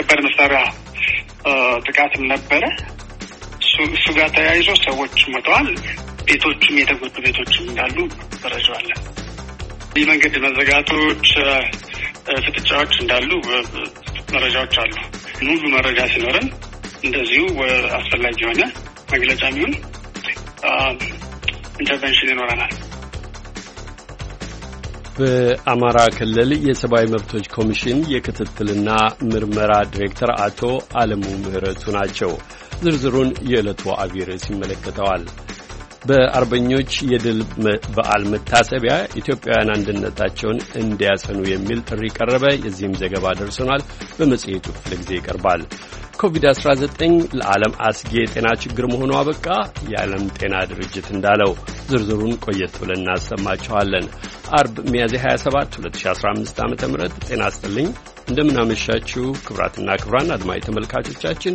ከባድ መሳሪያ ጥቃትም ነበረ። እሱ ጋር ተያይዞ ሰዎች ሞተዋል። ቤቶችም የተጎዱ ቤቶችም እንዳሉ መረጃዋለን። የመንገድ መዘጋቶች፣ ፍጥጫዎች እንዳሉ መረጃዎች አሉ። ሙሉ መረጃ ሲኖረን እንደዚሁ አስፈላጊ የሆነ መግለጫ የሚሆን ኢንተርቨንሽን ይኖረናል። በአማራ ክልል የሰብአዊ መብቶች ኮሚሽን የክትትልና ምርመራ ዲሬክተር አቶ አለሙ ምህረቱ ናቸው። ዝርዝሩን የዕለቱ አብይ ርዕስ ይመለከተዋል። በአርበኞች የድል በዓል መታሰቢያ ኢትዮጵያውያን አንድነታቸውን እንዲያጸኑ የሚል ጥሪ ቀረበ። የዚህም ዘገባ ደርሶናል፣ በመጽሔቱ ክፍለ ጊዜ ይቀርባል። ኮቪድ-19 ለዓለም አስጊ የጤና ችግር መሆኑ አበቃ። የዓለም ጤና ድርጅት እንዳለው ዝርዝሩን ቆየት ብለን እናሰማችኋለን። አርብ ሚያዝያ 27 2015 ዓ ም ጤና ስጥልኝ እንደምናመሻችሁ ክብራትና ክብራን አድማጭ ተመልካቾቻችን፣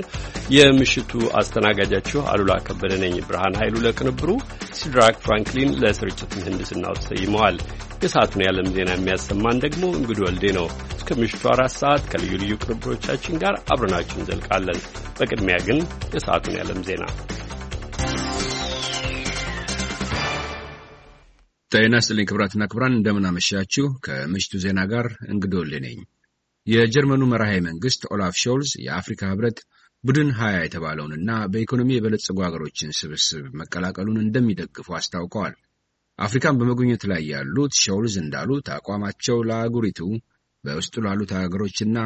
የምሽቱ አስተናጋጃችሁ አሉላ ከበደ ነኝ። ብርሃን ኃይሉ ለቅንብሩ፣ ሲድራክ ፍራንክሊን ለስርጭት ምህንድስናው ተሰይመዋል። የሰዓቱን የዓለም ዜና የሚያሰማን ደግሞ እንግዱ ወልዴ ነው። እስከ ምሽቱ አራት ሰዓት ከልዩ ልዩ ቅርብሮቻችን ጋር አብረናችሁ እንዘልቃለን። በቅድሚያ ግን የሰዓቱን ያለም ዜና። ጤና ይስጥልኝ ክብራትና ክብራን፣ እንደምናመሻችሁ። ከምሽቱ ዜና ጋር እንግዶል ነኝ። የጀርመኑ መራሄ መንግስት ኦላፍ ሾልዝ የአፍሪካ ህብረት ቡድን ሀያ የተባለውንና በኢኮኖሚ የበለጸጉ ሀገሮችን ስብስብ መቀላቀሉን እንደሚደግፉ አስታውቀዋል። አፍሪካን በመጎብኘት ላይ ያሉት ሾልዝ እንዳሉት አቋማቸው ለአህጉሪቱ በውስጡ ላሉት ሀገሮችና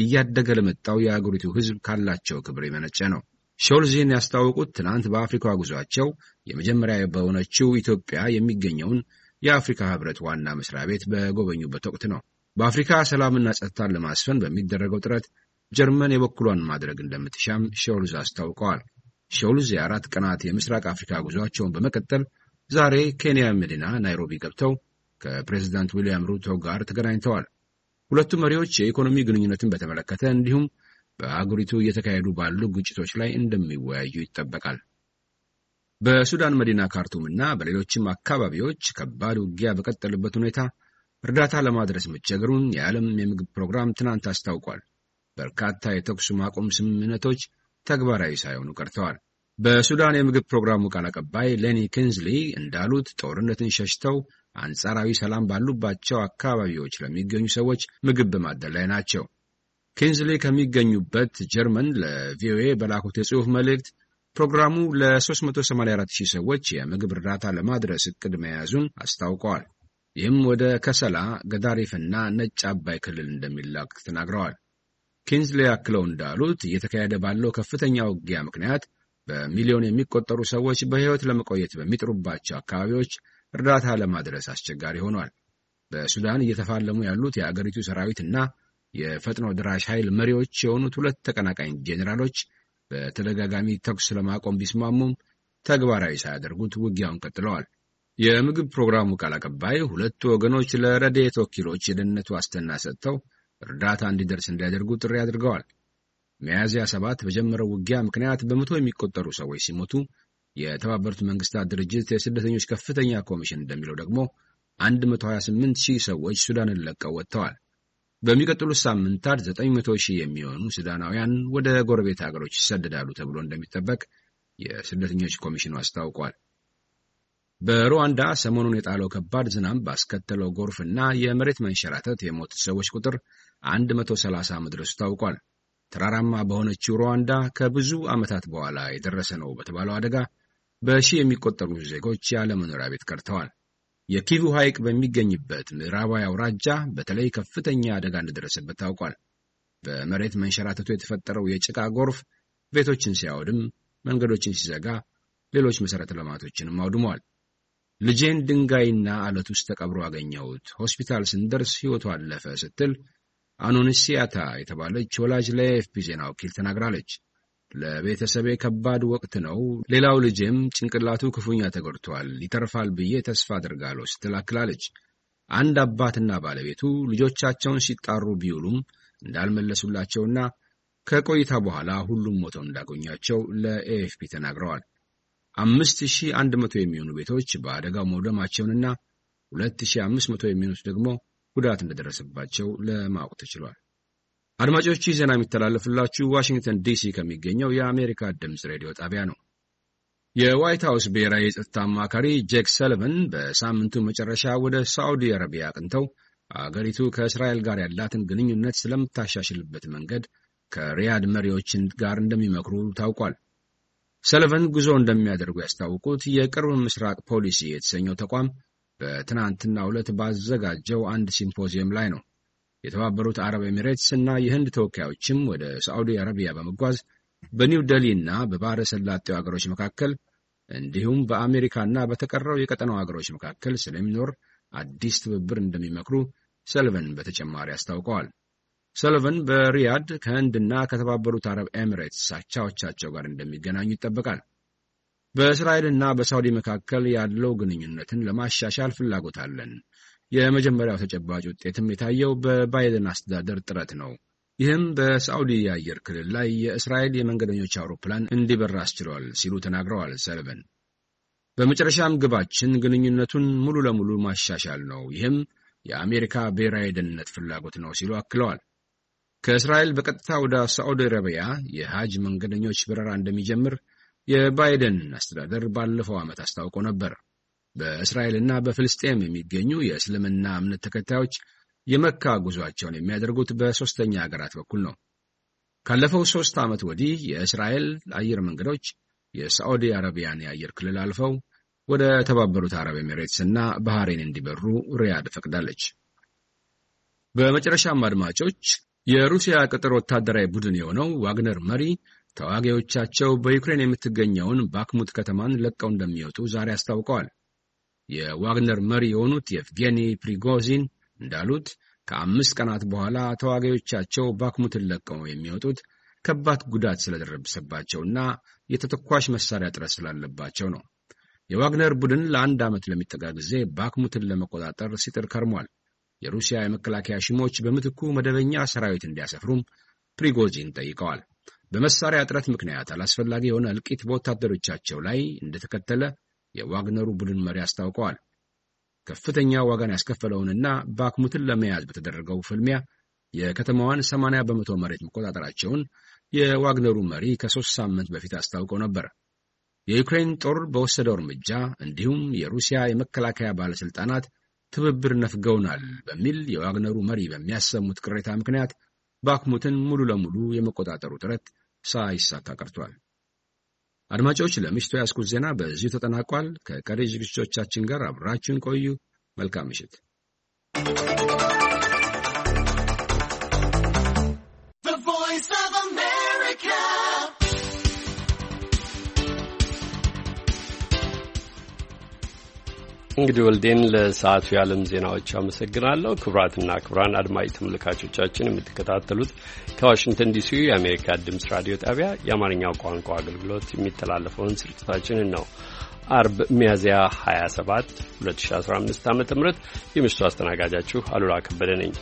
እያደገ ለመጣው የአገሪቱ ሕዝብ ካላቸው ክብር የመነጨ ነው። ሾልዚን ያስታወቁት ትናንት በአፍሪካ ጉዟቸው የመጀመሪያ በሆነችው ኢትዮጵያ የሚገኘውን የአፍሪካ ህብረት ዋና መስሪያ ቤት በጎበኙበት ወቅት ነው። በአፍሪካ ሰላምና ጸጥታን ለማስፈን በሚደረገው ጥረት ጀርመን የበኩሏን ማድረግ እንደምትሻም ሾልዝ አስታውቀዋል። ሾልዝ የአራት ቀናት የምስራቅ አፍሪካ ጉዟቸውን በመቀጠል ዛሬ ኬንያ መዲና ናይሮቢ ገብተው ከፕሬዚዳንት ዊልያም ሩቶ ጋር ተገናኝተዋል። ሁለቱ መሪዎች የኢኮኖሚ ግንኙነትን በተመለከተ እንዲሁም በአገሪቱ እየተካሄዱ ባሉ ግጭቶች ላይ እንደሚወያዩ ይጠበቃል። በሱዳን መዲና ካርቱም እና በሌሎችም አካባቢዎች ከባድ ውጊያ በቀጠለበት ሁኔታ እርዳታ ለማድረስ መቸገሩን የዓለም የምግብ ፕሮግራም ትናንት አስታውቋል። በርካታ የተኩስ ማቆም ስምምነቶች ተግባራዊ ሳይሆኑ ቀርተዋል። በሱዳን የምግብ ፕሮግራሙ ቃል አቀባይ ሌኒ ኪንዝሊ እንዳሉት ጦርነትን ሸሽተው አንጻራዊ ሰላም ባሉባቸው አካባቢዎች ለሚገኙ ሰዎች ምግብ በማደል ላይ ናቸው። ኬንዝሌ ከሚገኙበት ጀርመን ለቪኦኤ በላኩት የጽሑፍ መልእክት ፕሮግራሙ ለ 384000 ሰዎች የምግብ እርዳታ ለማድረስ እቅድ መያዙን አስታውቀዋል። ይህም ወደ ከሰላ፣ ገዳሪፍና ነጭ አባይ ክልል እንደሚላክ ተናግረዋል። ኪንዝሌ አክለው እንዳሉት እየተካሄደ ባለው ከፍተኛ ውጊያ ምክንያት በሚሊዮን የሚቆጠሩ ሰዎች በሕይወት ለመቆየት በሚጥሩባቸው አካባቢዎች እርዳታ ለማድረስ አስቸጋሪ ሆኗል። በሱዳን እየተፋለሙ ያሉት የአገሪቱ ሰራዊት እና የፈጥኖ ድራሽ ኃይል መሪዎች የሆኑት ሁለት ተቀናቃኝ ጄኔራሎች በተደጋጋሚ ተኩስ ለማቆም ቢስማሙም ተግባራዊ ሳያደርጉት ውጊያውን ቀጥለዋል። የምግብ ፕሮግራሙ ቃል አቀባይ ሁለቱ ወገኖች ለረድኤት ወኪሎች የደህንነት ዋስትና ሰጥተው እርዳታ እንዲደርስ እንዲያደርጉ ጥሪ አድርገዋል። ሚያዝያ ሰባት በጀመረው ውጊያ ምክንያት በመቶ የሚቆጠሩ ሰዎች ሲሞቱ የተባበሩት መንግስታት ድርጅት የስደተኞች ከፍተኛ ኮሚሽን እንደሚለው ደግሞ 128 ሺህ ሰዎች ሱዳንን ለቀው ወጥተዋል። በሚቀጥሉት ሳምንታት 900 ሺህ የሚሆኑ ሱዳናውያን ወደ ጎረቤት አገሮች ይሰደዳሉ ተብሎ እንደሚጠበቅ የስደተኞች ኮሚሽኑ አስታውቋል። በሩዋንዳ ሰሞኑን የጣለው ከባድ ዝናብ ባስከተለው ጎርፍና የመሬት መንሸራተት የሞቱት ሰዎች ቁጥር 130 መድረሱ ታውቋል። ተራራማ በሆነችው ሩዋንዳ ከብዙ ዓመታት በኋላ የደረሰ ነው በተባለው አደጋ በሺ የሚቆጠሩ ዜጎች ያለ መኖሪያ ቤት ቀርተዋል። የኪቩ ሐይቅ በሚገኝበት ምዕራባዊ አውራጃ በተለይ ከፍተኛ አደጋ እንደደረሰበት ታውቋል። በመሬት መንሸራተቱ የተፈጠረው የጭቃ ጎርፍ ቤቶችን ሲያወድም፣ መንገዶችን ሲዘጋ፣ ሌሎች መሠረተ ልማቶችንም አውድሟል። ልጄን ድንጋይና አለት ውስጥ ተቀብሮ አገኘሁት፣ ሆስፒታል ስንደርስ ሕይወቱ አለፈ ስትል አኖንሲያታ የተባለች ወላጅ ለኤፍፒ ዜና ወኪል ተናግራለች። ለቤተሰቤ ከባድ ወቅት ነው። ሌላው ልጄም ጭንቅላቱ ክፉኛ ተጎድቷል። ይተርፋል ብዬ ተስፋ አድርጋለሁ ትላክላለች። አንድ አባትና ባለቤቱ ልጆቻቸውን ሲጣሩ ቢውሉም እንዳልመለሱላቸውና ከቆይታ በኋላ ሁሉም ሞተው እንዳገኟቸው ለኤኤፍፒ ተናግረዋል። አምስት ሺህ አንድ መቶ የሚሆኑ ቤቶች በአደጋው መውደማቸውንና ሁለት ሺህ አምስት መቶ የሚሆኑት ደግሞ ጉዳት እንደደረሰባቸው ለማወቅ ተችሏል። አድማጮች ዜና የሚተላለፍላችሁ ዋሽንግተን ዲሲ ከሚገኘው የአሜሪካ ድምፅ ሬዲዮ ጣቢያ ነው። የዋይት ሀውስ ብሔራዊ የጸጥታ አማካሪ ጄክ ሰልቨን በሳምንቱ መጨረሻ ወደ ሳዑዲ አረቢያ አቅንተው አገሪቱ ከእስራኤል ጋር ያላትን ግንኙነት ስለምታሻሽልበት መንገድ ከሪያድ መሪዎችን ጋር እንደሚመክሩ ታውቋል። ሰልቨን ጉዞ እንደሚያደርጉ ያስታውቁት የቅርብ ምስራቅ ፖሊሲ የተሰኘው ተቋም በትናንትናው ዕለት ባዘጋጀው አንድ ሲምፖዚየም ላይ ነው። የተባበሩት አረብ ኤሚሬትስ እና የህንድ ተወካዮችም ወደ ሳዑዲ አረቢያ በመጓዝ በኒው ደሊ እና በባህረ ሰላጤው አገሮች መካከል እንዲሁም በአሜሪካና በተቀረው የቀጠናው አገሮች መካከል ስለሚኖር አዲስ ትብብር እንደሚመክሩ ሰልቨን በተጨማሪ አስታውቀዋል። ሰልቨን በሪያድ ከህንድና ከተባበሩት አረብ ኤሚሬትስ አቻዎቻቸው ጋር እንደሚገናኙ ይጠበቃል። በእስራኤልና በሳዑዲ መካከል ያለው ግንኙነትን ለማሻሻል ፍላጎት አለን የመጀመሪያው ተጨባጭ ውጤትም የታየው በባይደን አስተዳደር ጥረት ነው። ይህም በሳዑዲ የአየር ክልል ላይ የእስራኤል የመንገደኞች አውሮፕላን እንዲበር አስችሏል ሲሉ ተናግረዋል ሰልቨን። በመጨረሻም ግባችን ግንኙነቱን ሙሉ ለሙሉ ማሻሻል ነው፣ ይህም የአሜሪካ ብሔራዊ ደህንነት ፍላጎት ነው ሲሉ አክለዋል። ከእስራኤል በቀጥታ ወደ ሳዑዲ አረቢያ የሐጅ መንገደኞች በረራ እንደሚጀምር የባይደን አስተዳደር ባለፈው ዓመት አስታውቆ ነበር። በእስራኤልና በፍልስጤም የሚገኙ የእስልምና እምነት ተከታዮች የመካ ጉዟቸውን የሚያደርጉት በሦስተኛ አገራት በኩል ነው። ካለፈው ሦስት ዓመት ወዲህ የእስራኤል አየር መንገዶች የሳዑዲ አረቢያን የአየር ክልል አልፈው ወደ ተባበሩት አረብ ኤሚሬትስ ና ባህሬን እንዲበሩ ሪያድ ፈቅዳለች። በመጨረሻም አድማጮች፣ የሩሲያ ቅጥር ወታደራዊ ቡድን የሆነው ዋግነር መሪ ተዋጊዎቻቸው በዩክሬን የምትገኘውን ባክሙት ከተማን ለቀው እንደሚወጡ ዛሬ አስታውቀዋል። የዋግነር መሪ የሆኑት የቭጌኒ ፕሪጎዚን እንዳሉት ከአምስት ቀናት በኋላ ተዋጊዎቻቸው ባክሙትን ለቀው የሚወጡት ከባድ ጉዳት ስለደረሰባቸውና የተተኳሽ መሳሪያ ጥረት ስላለባቸው ነው። የዋግነር ቡድን ለአንድ ዓመት ለሚጠጋ ጊዜ ባክሙትን ለመቆጣጠር ሲጥር ከርሟል። የሩሲያ የመከላከያ ሽሞች በምትኩ መደበኛ ሰራዊት እንዲያሰፍሩም ፕሪጎዚን ጠይቀዋል። በመሳሪያ እጥረት ምክንያት አላስፈላጊ የሆነ እልቂት በወታደሮቻቸው ላይ እንደተከተለ የዋግነሩ ቡድን መሪ አስታውቀዋል። ከፍተኛ ዋጋን ያስከፈለውንና ባክሙትን ለመያዝ በተደረገው ፍልሚያ የከተማዋን 80 በመቶ መሬት መቆጣጠራቸውን የዋግነሩ መሪ ከሦስት ሳምንት በፊት አስታውቀው ነበር። የዩክሬን ጦር በወሰደው እርምጃ እንዲሁም የሩሲያ የመከላከያ ባለሥልጣናት ትብብር ነፍገውናል በሚል የዋግነሩ መሪ በሚያሰሙት ቅሬታ ምክንያት ባክሙትን ሙሉ ለሙሉ የመቆጣጠሩ ጥረት ሳይሳካ ቀርቷል። አድማጮች፣ ለምሽቱ ያስኩት ዜና በዚሁ ተጠናቋል። ከቀሪ ዝግጅቶቻችን ጋር አብራችሁን ቆዩ። መልካም ምሽት። እንግዲህ ወልዴን ለሰዓቱ የዓለም ዜናዎች አመሰግናለሁ። ክቡራትና ክቡራን አድማጭ ተመልካቾቻችን የምትከታተሉት ከዋሽንግተን ዲሲ የአሜሪካ ድምፅ ራዲዮ ጣቢያ የአማርኛው ቋንቋ አገልግሎት የሚተላለፈውን ስርጭታችንን ነው። አርብ ሚያዝያ 27 2015 ዓ ም የምሽቱ አስተናጋጃችሁ አሉላ ከበደ ነኝ።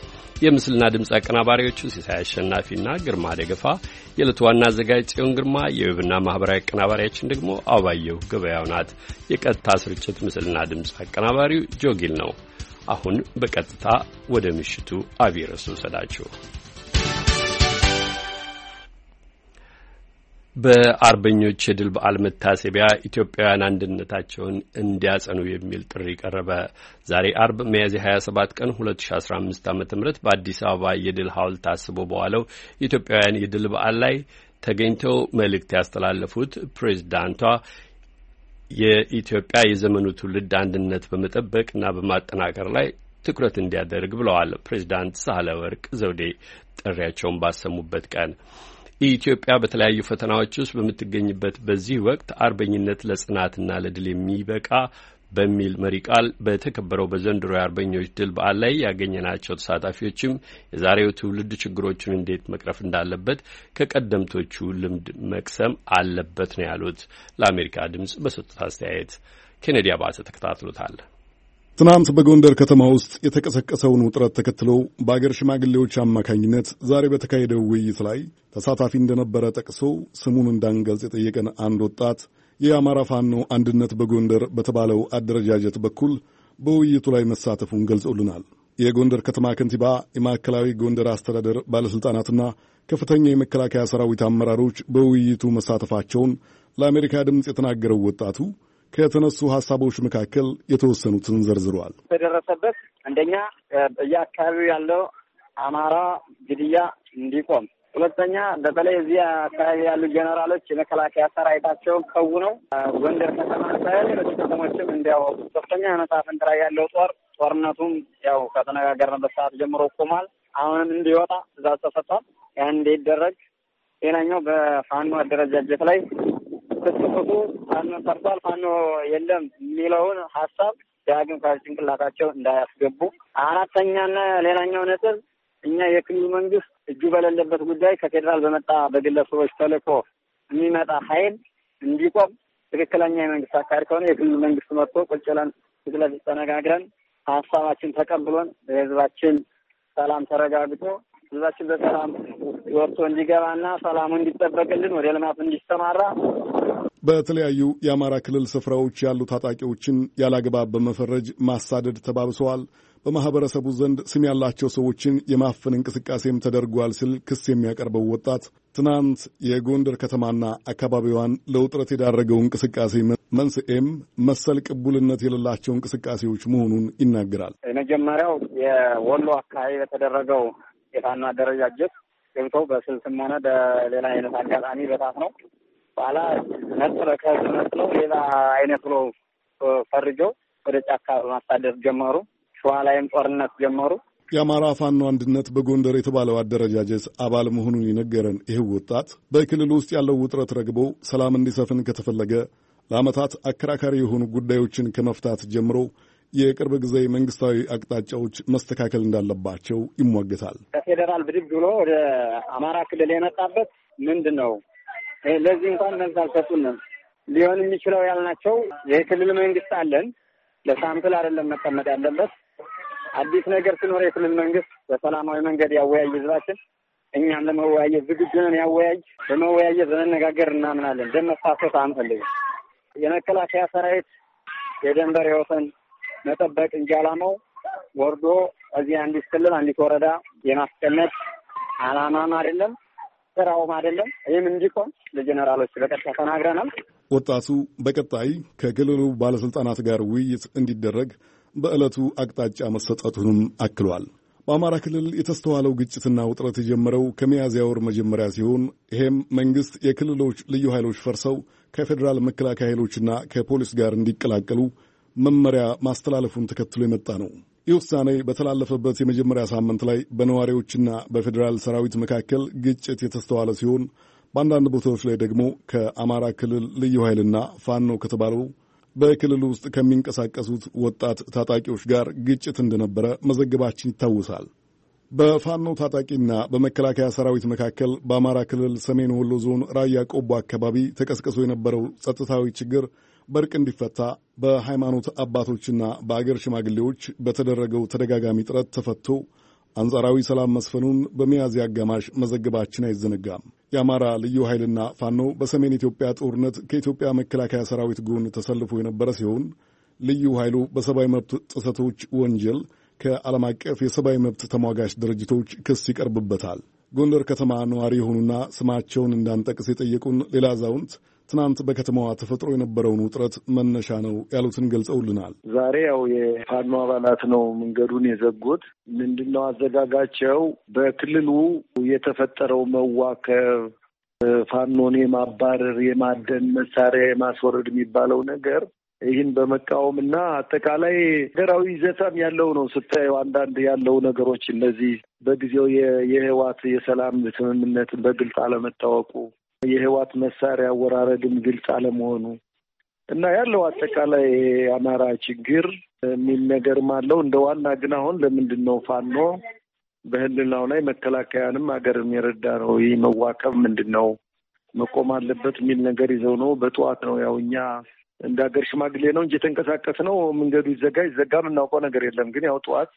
የምስልና ድምፅ አቀናባሪዎቹ ሲሳይ አሸናፊና ግርማ ደገፋ፣ የዕለቱ ዋና አዘጋጅ ጽዮን ግርማ፣ የዌብና ማኅበራዊ አቀናባሪያችን ደግሞ አባየሁ ገበያው ናት። የቀጥታ ስርጭት ምስልና ድምፅ አቀናባሪው ጆጊል ነው። አሁን በቀጥታ ወደ ምሽቱ አብይ ርዕስ ውሰዳችሁ በአርበኞች የድል በዓል መታሰቢያ ኢትዮጵያውያን አንድነታቸውን እንዲያጸኑ የሚል ጥሪ ቀረበ። ዛሬ አርብ ሚያዝያ 27 ቀን 2015 ዓ ም በአዲስ አበባ የድል ሐውልት ታስቦ በዋለው ኢትዮጵያውያን የድል በዓል ላይ ተገኝተው መልእክት ያስተላለፉት ፕሬዚዳንቷ የኢትዮጵያ የዘመኑ ትውልድ አንድነት በመጠበቅና በማጠናከር ላይ ትኩረት እንዲያደርግ ብለዋል። ፕሬዚዳንት ሳህለወርቅ ዘውዴ ጥሪያቸውን ባሰሙበት ቀን ኢትዮጵያ በተለያዩ ፈተናዎች ውስጥ በምትገኝበት በዚህ ወቅት አርበኝነት ለጽናትና ለድል የሚበቃ በሚል መሪ ቃል በተከበረው በዘንድሮ የአርበኞች ድል በዓል ላይ ያገኘናቸው ተሳታፊዎችም የዛሬው ትውልድ ችግሮቹን እንዴት መቅረፍ እንዳለበት ከቀደምቶቹ ልምድ መቅሰም አለበት ነው ያሉት። ለአሜሪካ ድምጽ በሰጡት አስተያየት ኬኔዲ አባተ ተከታትሎታል። ትናንት በጎንደር ከተማ ውስጥ የተቀሰቀሰውን ውጥረት ተከትሎ በአገር ሽማግሌዎች አማካኝነት ዛሬ በተካሄደው ውይይት ላይ ተሳታፊ እንደነበረ ጠቅሶ ስሙን እንዳንገልጽ የጠየቀን አንድ ወጣት የአማራ ፋኖ አንድነት በጎንደር በተባለው አደረጃጀት በኩል በውይይቱ ላይ መሳተፉን ገልጾልናል። የጎንደር ከተማ ከንቲባ፣ የማዕከላዊ ጎንደር አስተዳደር ባለሥልጣናትና ከፍተኛ የመከላከያ ሰራዊት አመራሮች በውይይቱ መሳተፋቸውን ለአሜሪካ ድምፅ የተናገረው ወጣቱ ከተነሱ ሀሳቦች መካከል የተወሰኑትን ዘርዝረዋል። የደረሰበት አንደኛ በየአካባቢው ያለው አማራ ግድያ እንዲቆም፣ ሁለተኛ በተለይ እዚህ አካባቢ ያሉ ጀኔራሎች የመከላከያ ሰራዊታቸውን ከውነው ጎንደር ከተማ ሳይሆን ሌሎች ከተሞችም እንዲያወቁ፣ ሶስተኛ የመሳፍንት ላይ ያለው ጦር ጦርነቱም ያው ከተነጋገርንበት ሰዓት ጀምሮ ቆሟል። አሁንም እንዲወጣ ትዕዛዝ ተሰጥቷል። ያን እንዲደረግ ሌላኛው በፋኖ አደረጃጀት ላይ በጽሁፉ ፋኖ ጠርቷል፣ ፋኖ የለም የሚለውን ሀሳብ ዳግም ከጭንቅላታቸው እንዳያስገቡ። አራተኛና ሌላኛው ነጥብ እኛ የክልሉ መንግስት እጁ በሌለበት ጉዳይ ከፌዴራል በመጣ በግለሰቦች ተልኮ የሚመጣ ኃይል እንዲቆም ትክክለኛ የመንግስት አካል ከሆነ የክልሉ መንግስት መጥቶ ቁጭ ብለን ፊት ለፊት ተነጋግረን ሀሳባችን ተቀብሎን በህዝባችን ሰላም ተረጋግጦ ህዝባችን በሰላም ወጥቶ እንዲገባና ሰላሙ እንዲጠበቅልን ወደ ልማት እንዲሰማራ በተለያዩ የአማራ ክልል ስፍራዎች ያሉ ታጣቂዎችን ያላግባብ በመፈረጅ ማሳደድ ተባብሰዋል። በማኅበረሰቡ ዘንድ ስም ያላቸው ሰዎችን የማፈን እንቅስቃሴም ተደርጓል ሲል ክስ የሚያቀርበው ወጣት ትናንት የጎንደር ከተማና አካባቢዋን ለውጥረት የዳረገው እንቅስቃሴ መንስኤም መሰል ቅቡልነት የሌላቸው እንቅስቃሴዎች መሆኑን ይናገራል። የመጀመሪያው የወሎ አካባቢ በተደረገው የፋኖ አደረጃጀት ገብተው በስልትም ሆነ በሌላ አይነት አጋጣሚ በታት ነው በኋላ ነጥሎ ከህዝብ ነጥለው ሌላ አይነት ብሎ ፈርጀው ወደ ጫካ በማሳደር ጀመሩ። ሸዋ ላይም ጦርነት ጀመሩ። የአማራ ፋኖ አንድነት በጎንደር የተባለው አደረጃጀት አባል መሆኑን የነገረን ይህ ወጣት በክልል ውስጥ ያለው ውጥረት ረግቦ ሰላም እንዲሰፍን ከተፈለገ ለዓመታት አከራካሪ የሆኑ ጉዳዮችን ከመፍታት ጀምሮ የቅርብ ጊዜ መንግስታዊ አቅጣጫዎች መስተካከል እንዳለባቸው ይሟገታል። ከፌዴራል ብድግ ብሎ ወደ አማራ ክልል የመጣበት ምንድን ነው? ለዚህ እንኳን መልስ አልሰጡንም። ሊሆን የሚችለው ያልናቸው የክልል መንግስት አለን ለሳምፕል አይደለም መቀመጥ ያለበት። አዲስ ነገር ሲኖር የክልል መንግስት በሰላማዊ መንገድ ያወያይ ህዝባችን፣ እኛም ለመወያየት ዝግጁ ነን። ያወያይ በመወያየት በመነጋገር እናምናለን። ደም መፋሰስ አንፈልግም። የመከላከያ ሰራዊት የደንበር ህይወትን መጠበቅ እንጂ አላማው ወርዶ እዚህ አንዲት ክልል አንዲት ወረዳ የማስቀመጥ አላማም አይደለም። ስራውም አይደለም። ይህም እንዲቆም ለጀነራሎች በቀጥታ ተናግረናል። ወጣቱ በቀጣይ ከክልሉ ባለስልጣናት ጋር ውይይት እንዲደረግ በዕለቱ አቅጣጫ መሰጠቱንም አክሏል። በአማራ ክልል የተስተዋለው ግጭትና ውጥረት የጀመረው ከሚያዝያ ወር መጀመሪያ ሲሆን ይሄም መንግሥት የክልሎች ልዩ ኃይሎች ፈርሰው ከፌዴራል መከላከያ ኃይሎችና ከፖሊስ ጋር እንዲቀላቀሉ መመሪያ ማስተላለፉን ተከትሎ የመጣ ነው። ይህ ውሳኔ በተላለፈበት የመጀመሪያ ሳምንት ላይ በነዋሪዎችና በፌዴራል ሰራዊት መካከል ግጭት የተስተዋለ ሲሆን በአንዳንድ ቦታዎች ላይ ደግሞ ከአማራ ክልል ልዩ ኃይልና ፋኖ ከተባሉ በክልል ውስጥ ከሚንቀሳቀሱት ወጣት ታጣቂዎች ጋር ግጭት እንደነበረ መዘገባችን ይታወሳል። በፋኖ ታጣቂና በመከላከያ ሰራዊት መካከል በአማራ ክልል ሰሜን ወሎ ዞን ራያ ቆቦ አካባቢ ተቀስቅሶ የነበረው ጸጥታዊ ችግር በእርቅ እንዲፈታ በሃይማኖት አባቶችና በአገር ሽማግሌዎች በተደረገው ተደጋጋሚ ጥረት ተፈቶ አንጻራዊ ሰላም መስፈኑን በሚያዝያ አጋማሽ መዘገባችን አይዘነጋም። የአማራ ልዩ ኃይልና ፋኖ በሰሜን ኢትዮጵያ ጦርነት ከኢትዮጵያ መከላከያ ሰራዊት ጎን ተሰልፎ የነበረ ሲሆን ልዩ ኃይሉ በሰብአዊ መብት ጥሰቶች ወንጀል ከዓለም አቀፍ የሰብአዊ መብት ተሟጋች ድርጅቶች ክስ ይቀርብበታል። ጎንደር ከተማ ነዋሪ የሆኑና ስማቸውን እንዳንጠቅስ የጠየቁን ሌላ አዛውንት ትናንት በከተማዋ ተፈጥሮ የነበረውን ውጥረት መነሻ ነው ያሉትን ገልጸውልናል። ዛሬ ያው የፋኖ አባላት ነው መንገዱን የዘጉት። ምንድነው አዘጋጋቸው? በክልሉ የተፈጠረው መዋከብ ፋኖን የማባረር የማደን መሳሪያ የማስወረድ የሚባለው ነገር ይህን በመቃወም እና አጠቃላይ ሀገራዊ ይዘታም ያለው ነው። ስታየው አንዳንድ ያለው ነገሮች እነዚህ በጊዜው የህዋት የሰላም ስምምነትን በግልጽ አለመታወቁ የህዋት መሳሪያ አወራረድም ግልጽ አለመሆኑ እና ያለው አጠቃላይ የአማራ ችግር የሚል ነገርም አለው። እንደ ዋና ግን አሁን ለምንድን ነው ፋኖ በህልናው ላይ መከላከያንም ሀገርም የረዳ ነው? ይህ መዋከብ ምንድን ነው መቆም አለበት የሚል ነገር ይዘው ነው። በጠዋት ነው ያው እኛ እንደ ሀገር ሽማግሌ ነው እንጂ የተንቀሳቀስ ነው። መንገዱ ይዘጋ ይዘጋ የምናውቀው ነገር የለም። ግን ያው ጠዋት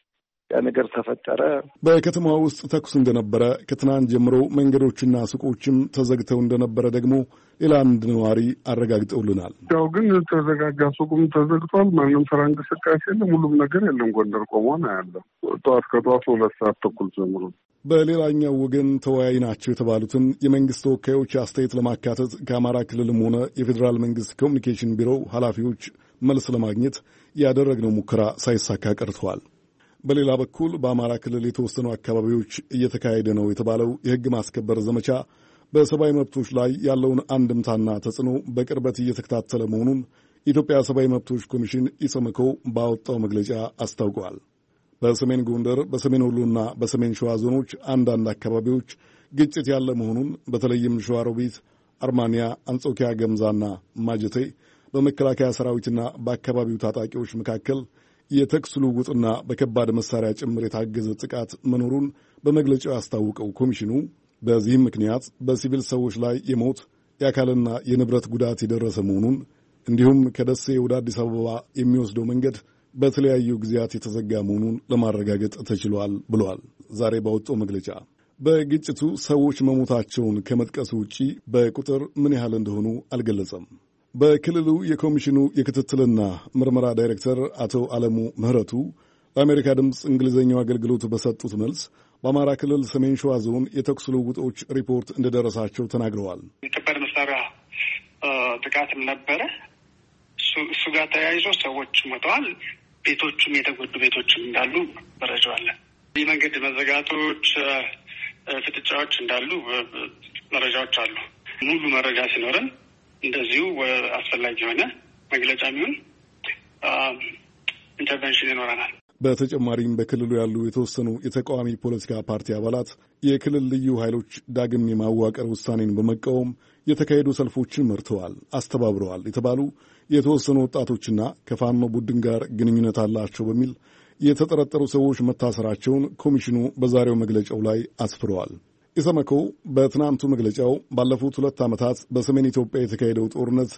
ነገር ተፈጠረ። በከተማ ውስጥ ተኩስ እንደነበረ ከትናንት ጀምሮ መንገዶችና ሱቆችም ተዘግተው እንደነበረ ደግሞ ሌላ አንድ ነዋሪ አረጋግጠውልናል። ያው ግን ተዘጋጋ፣ ሱቁም ተዘግቷል። ማንም ስራ እንቅስቃሴ የለም። ሁሉም ነገር የለም። ጎንደር ቆሞን ያለው ጠዋት ከጠዋት ሁለት ሰዓት ተኩል ጀምሮ በሌላኛው ወገን ተወያይ ናቸው የተባሉትን የመንግስት ተወካዮች አስተያየት ለማካተት ከአማራ ክልልም ሆነ የፌዴራል መንግስት ኮሚኒኬሽን ቢሮው ኃላፊዎች መልስ ለማግኘት ያደረግነው ሙከራ ሳይሳካ ቀርተዋል። በሌላ በኩል በአማራ ክልል የተወሰኑ አካባቢዎች እየተካሄደ ነው የተባለው የሕግ ማስከበር ዘመቻ በሰብአዊ መብቶች ላይ ያለውን አንድምታና ተጽዕኖ በቅርበት እየተከታተለ መሆኑን የኢትዮጵያ ሰብአዊ መብቶች ኮሚሽን ኢሰመኮ ባወጣው መግለጫ አስታውቀዋል። በሰሜን ጎንደር፣ በሰሜን ወሎና በሰሜን ሸዋ ዞኖች አንዳንድ አካባቢዎች ግጭት ያለ መሆኑን በተለይም ሸዋሮቢት፣ አርማንያ፣ አንጾኪያ፣ ገምዛና ማጀቴ በመከላከያ ሰራዊትና በአካባቢው ታጣቂዎች መካከል የተኩስ ልውውጥና በከባድ መሳሪያ ጭምር የታገዘ ጥቃት መኖሩን በመግለጫው ያስታውቀው ኮሚሽኑ በዚህም ምክንያት በሲቪል ሰዎች ላይ የሞት የአካልና የንብረት ጉዳት የደረሰ መሆኑን እንዲሁም ከደሴ ወደ አዲስ አበባ የሚወስደው መንገድ በተለያዩ ጊዜያት የተዘጋ መሆኑን ለማረጋገጥ ተችሏል ብሏል። ዛሬ ባወጣው መግለጫ በግጭቱ ሰዎች መሞታቸውን ከመጥቀሱ ውጪ በቁጥር ምን ያህል እንደሆኑ አልገለጸም። በክልሉ የኮሚሽኑ የክትትልና ምርመራ ዳይሬክተር አቶ አለሙ ምህረቱ በአሜሪካ ድምፅ እንግሊዝኛው አገልግሎት በሰጡት መልስ በአማራ ክልል ሰሜን ሸዋ ዞን የተኩስ ልውውጦች ሪፖርት እንደደረሳቸው ተናግረዋል። የከባድ መሳሪያ ጥቃትም ነበረ። እሱ ጋር ተያይዞ ሰዎች ሞተዋል። ቤቶቹም የተጎዱ ቤቶችም እንዳሉ መረጃ አለ። የመንገድ መዘጋቶች፣ ፍጥጫዎች እንዳሉ መረጃዎች አሉ። ሙሉ መረጃ ሲኖረን እንደዚሁ አስፈላጊ የሆነ መግለጫ የሚሆን ኢንተርቨንሽን ይኖረናል። በተጨማሪም በክልሉ ያሉ የተወሰኑ የተቃዋሚ ፖለቲካ ፓርቲ አባላት የክልል ልዩ ኃይሎች ዳግም የማዋቀር ውሳኔን በመቃወም የተካሄዱ ሰልፎችን መርተዋል፣ አስተባብረዋል የተባሉ የተወሰኑ ወጣቶችና ከፋኖ ቡድን ጋር ግንኙነት አላቸው በሚል የተጠረጠሩ ሰዎች መታሰራቸውን ኮሚሽኑ በዛሬው መግለጫው ላይ አስፍረዋል። ኢሰመኮ በትናንቱ መግለጫው ባለፉት ሁለት ዓመታት በሰሜን ኢትዮጵያ የተካሄደው ጦርነት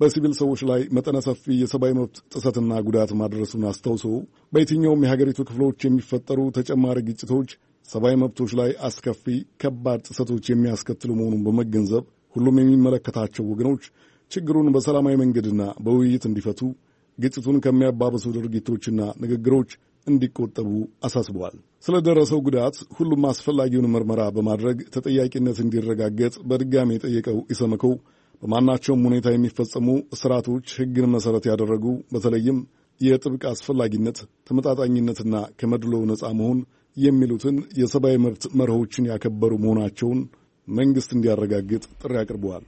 በሲቪል ሰዎች ላይ መጠነ ሰፊ የሰብአዊ መብት ጥሰትና ጉዳት ማድረሱን አስታውሶ በየትኛውም የሀገሪቱ ክፍሎች የሚፈጠሩ ተጨማሪ ግጭቶች ሰብአዊ መብቶች ላይ አስከፊ ከባድ ጥሰቶች የሚያስከትሉ መሆኑን በመገንዘብ ሁሉም የሚመለከታቸው ወገኖች ችግሩን በሰላማዊ መንገድና በውይይት እንዲፈቱ ግጭቱን ከሚያባብሱ ድርጊቶችና ንግግሮች እንዲቆጠቡ አሳስበዋል። ስለደረሰው ጉዳት ሁሉም አስፈላጊውን ምርመራ በማድረግ ተጠያቂነት እንዲረጋገጥ በድጋሚ የጠየቀው ኢሰመኮው በማናቸውም ሁኔታ የሚፈጸሙ ስርዓቶች ሕግን መሠረት ያደረጉ በተለይም የጥብቅ አስፈላጊነት፣ ተመጣጣኝነትና ከመድሎ ነፃ መሆን የሚሉትን የሰብአዊ መብት መርሆችን ያከበሩ መሆናቸውን መንግሥት እንዲያረጋግጥ ጥሪ አቅርበዋል።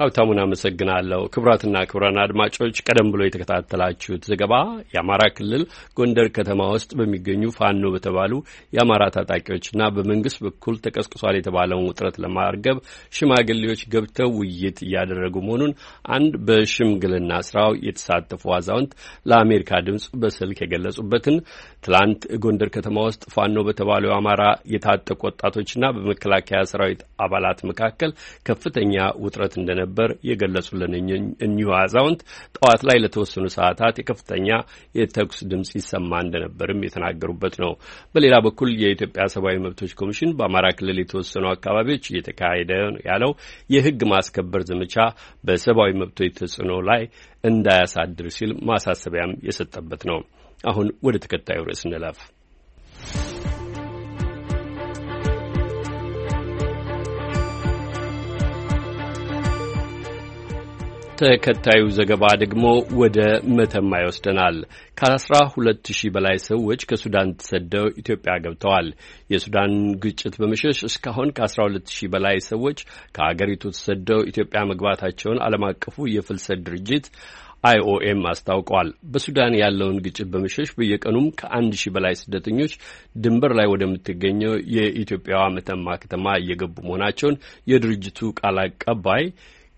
ሀብታሙን አመሰግናለሁ። ክቡራትና ክቡራን አድማጮች ቀደም ብሎ የተከታተላችሁት ዘገባ የአማራ ክልል ጎንደር ከተማ ውስጥ በሚገኙ ፋኖ በተባሉ የአማራ ታጣቂዎችና በመንግስት በኩል ተቀስቅሷል የተባለውን ውጥረት ለማርገብ ሽማግሌዎች ገብተው ውይይት እያደረጉ መሆኑን አንድ በሽምግልና ስራው የተሳተፉ አዛውንት ለአሜሪካ ድምፅ በስልክ የገለጹበትን ትላንት ጎንደር ከተማ ውስጥ ፋኖ በተባሉ የአማራ የታጠቁ ወጣቶችና በመከላከያ ሰራዊት አባላት መካከል ከፍተኛ ውጥረት እንደነ እንደነበር የገለጹልን እኚሁ አዛውንት ጠዋት ላይ ለተወሰኑ ሰዓታት የከፍተኛ የተኩስ ድምፅ ይሰማ እንደነበርም የተናገሩበት ነው። በሌላ በኩል የኢትዮጵያ ሰብአዊ መብቶች ኮሚሽን በአማራ ክልል የተወሰኑ አካባቢዎች እየተካሄደ ያለው የህግ ማስከበር ዘመቻ በሰብአዊ መብቶች ተጽዕኖ ላይ እንዳያሳድር ሲል ማሳሰቢያም የሰጠበት ነው። አሁን ወደ ተከታዩ ርዕስ እንለፍ። ተከታዩ ዘገባ ደግሞ ወደ መተማ ይወስደናል። ከአስራ ሁለት ሺህ በላይ ሰዎች ከሱዳን ተሰደው ኢትዮጵያ ገብተዋል። የሱዳን ግጭት በመሸሽ እስካሁን ከአስራ ሁለት ሺህ በላይ ሰዎች ከአገሪቱ ተሰደው ኢትዮጵያ መግባታቸውን ዓለም አቀፉ የፍልሰት ድርጅት አይኦኤም አስታውቋል። በሱዳን ያለውን ግጭት በመሸሽ በየቀኑም ከአንድ ሺህ በላይ ስደተኞች ድንበር ላይ ወደምትገኘው የኢትዮጵያዋ መተማ ከተማ እየገቡ መሆናቸውን የድርጅቱ ቃል አቀባይ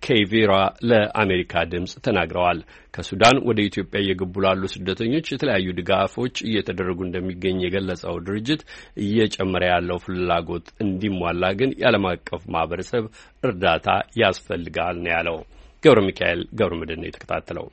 ኬቬራ ለአሜሪካ ድምፅ ተናግረዋል። ከሱዳን ወደ ኢትዮጵያ እየገቡ ላሉ ስደተኞች የተለያዩ ድጋፎች እየተደረጉ እንደሚገኝ የገለጸው ድርጅት እየጨመረ ያለው ፍላጎት እንዲሟላ ግን የዓለም አቀፍ ማህበረሰብ እርዳታ ያስፈልጋል ነው ያለው። ገብረ ሚካኤል ገብረ ምድን ነው የተከታተለው።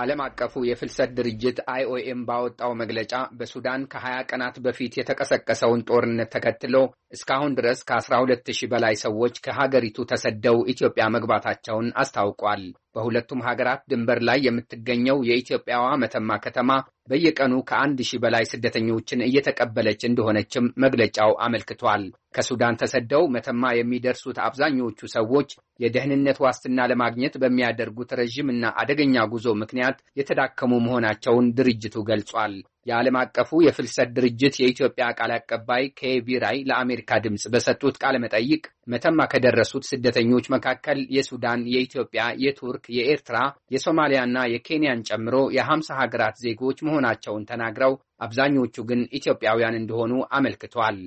ዓለም አቀፉ የፍልሰት ድርጅት አይኦኤም ባወጣው መግለጫ በሱዳን ከ20 ቀናት በፊት የተቀሰቀሰውን ጦርነት ተከትሎ እስካሁን ድረስ ከ12 በላይ ሰዎች ከሀገሪቱ ተሰደው ኢትዮጵያ መግባታቸውን አስታውቋል። በሁለቱም ሀገራት ድንበር ላይ የምትገኘው የኢትዮጵያዋ መተማ ከተማ በየቀኑ ከአንድ ሺህ በላይ ስደተኞችን እየተቀበለች እንደሆነችም መግለጫው አመልክቷል። ከሱዳን ተሰደው መተማ የሚደርሱት አብዛኞቹ ሰዎች የደህንነት ዋስትና ለማግኘት በሚያደርጉት ረዥምና አደገኛ ጉዞ ምክንያት የተዳከሙ መሆናቸውን ድርጅቱ ገልጿል። የዓለም አቀፉ የፍልሰት ድርጅት የኢትዮጵያ ቃል አቀባይ ከቢራይ ለአሜሪካ ድምፅ በሰጡት ቃለ መጠይቅ መተማ ከደረሱት ስደተኞች መካከል የሱዳን፣ የኢትዮጵያ፣ የቱርክ፣ የኤርትራ፣ የሶማሊያና የኬንያን ጨምሮ የሐምሳ ሀገራት ዜጎች መሆናቸውን ተናግረው አብዛኞቹ ግን ኢትዮጵያውያን እንደሆኑ አመልክቷል።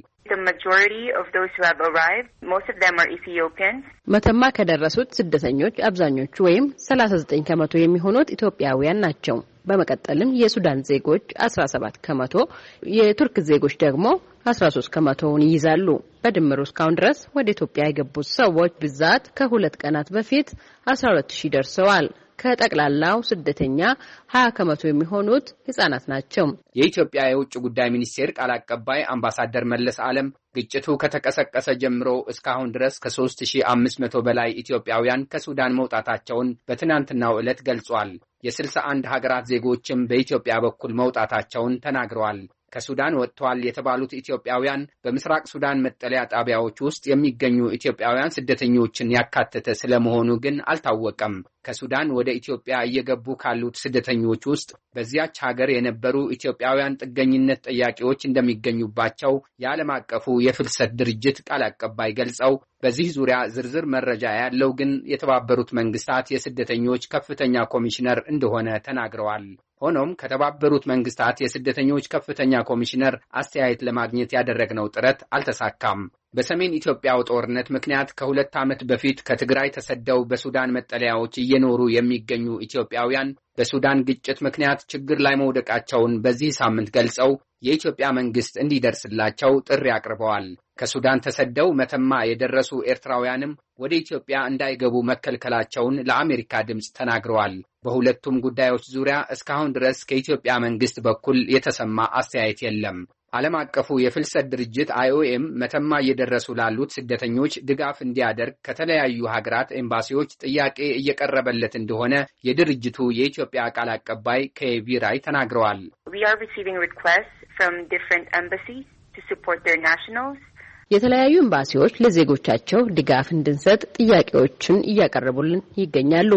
መተማ ከደረሱት ስደተኞች አብዛኞቹ ወይም 39 ከመቶ የሚሆኑት ኢትዮጵያውያን ናቸው። በመቀጠልም የሱዳን ዜጎች 17 ከመቶ፣ የቱርክ ዜጎች ደግሞ 13 ከመቶውን ይይዛሉ። በድምሩ እስካሁን ድረስ ወደ ኢትዮጵያ የገቡት ሰዎች ብዛት ከሁለት ቀናት በፊት 12 ሺህ ደርሰዋል። ከጠቅላላው ስደተኛ ሀያ ከመቶ የሚሆኑት ህጻናት ናቸው። የኢትዮጵያ የውጭ ጉዳይ ሚኒስቴር ቃል አቀባይ አምባሳደር መለስ አለም ግጭቱ ከተቀሰቀሰ ጀምሮ እስካሁን ድረስ ከ3500 በላይ ኢትዮጵያውያን ከሱዳን መውጣታቸውን በትናንትናው ዕለት ገልጿል። የ61 ሀገራት ዜጎችም በኢትዮጵያ በኩል መውጣታቸውን ተናግረዋል። ከሱዳን ወጥተዋል የተባሉት ኢትዮጵያውያን በምስራቅ ሱዳን መጠለያ ጣቢያዎች ውስጥ የሚገኙ ኢትዮጵያውያን ስደተኞችን ያካተተ ስለመሆኑ ግን አልታወቀም። ከሱዳን ወደ ኢትዮጵያ እየገቡ ካሉት ስደተኞች ውስጥ በዚያች ሀገር የነበሩ ኢትዮጵያውያን ጥገኝነት ጠያቂዎች እንደሚገኙባቸው የዓለም አቀፉ የፍልሰት ድርጅት ቃል አቀባይ ገልጸው በዚህ ዙሪያ ዝርዝር መረጃ ያለው ግን የተባበሩት መንግስታት የስደተኞች ከፍተኛ ኮሚሽነር እንደሆነ ተናግረዋል። ሆኖም ከተባበሩት መንግስታት የስደተኞች ከፍተኛ ኮሚሽነር አስተያየት ለማግኘት ያደረግነው ጥረት አልተሳካም። በሰሜን ኢትዮጵያው ጦርነት ምክንያት ከሁለት ዓመት በፊት ከትግራይ ተሰደው በሱዳን መጠለያዎች እየኖሩ የሚገኙ ኢትዮጵያውያን በሱዳን ግጭት ምክንያት ችግር ላይ መውደቃቸውን በዚህ ሳምንት ገልጸው የኢትዮጵያ መንግስት እንዲደርስላቸው ጥሪ አቅርበዋል። ከሱዳን ተሰደው መተማ የደረሱ ኤርትራውያንም ወደ ኢትዮጵያ እንዳይገቡ መከልከላቸውን ለአሜሪካ ድምፅ ተናግረዋል። በሁለቱም ጉዳዮች ዙሪያ እስካሁን ድረስ ከኢትዮጵያ መንግስት በኩል የተሰማ አስተያየት የለም። ዓለም አቀፉ የፍልሰት ድርጅት አይኦኤም መተማ እየደረሱ ላሉት ስደተኞች ድጋፍ እንዲያደርግ ከተለያዩ ሀገራት ኤምባሲዎች ጥያቄ እየቀረበለት እንደሆነ የድርጅቱ የኢትዮጵያ ቃል አቀባይ ራይ ተናግረዋል። We are receiving requests from different embassies to support their nationals. የተለያዩ ኤምባሲዎች ለዜጎቻቸው ድጋፍ እንድንሰጥ ጥያቄዎችን እያቀረቡልን ይገኛሉ።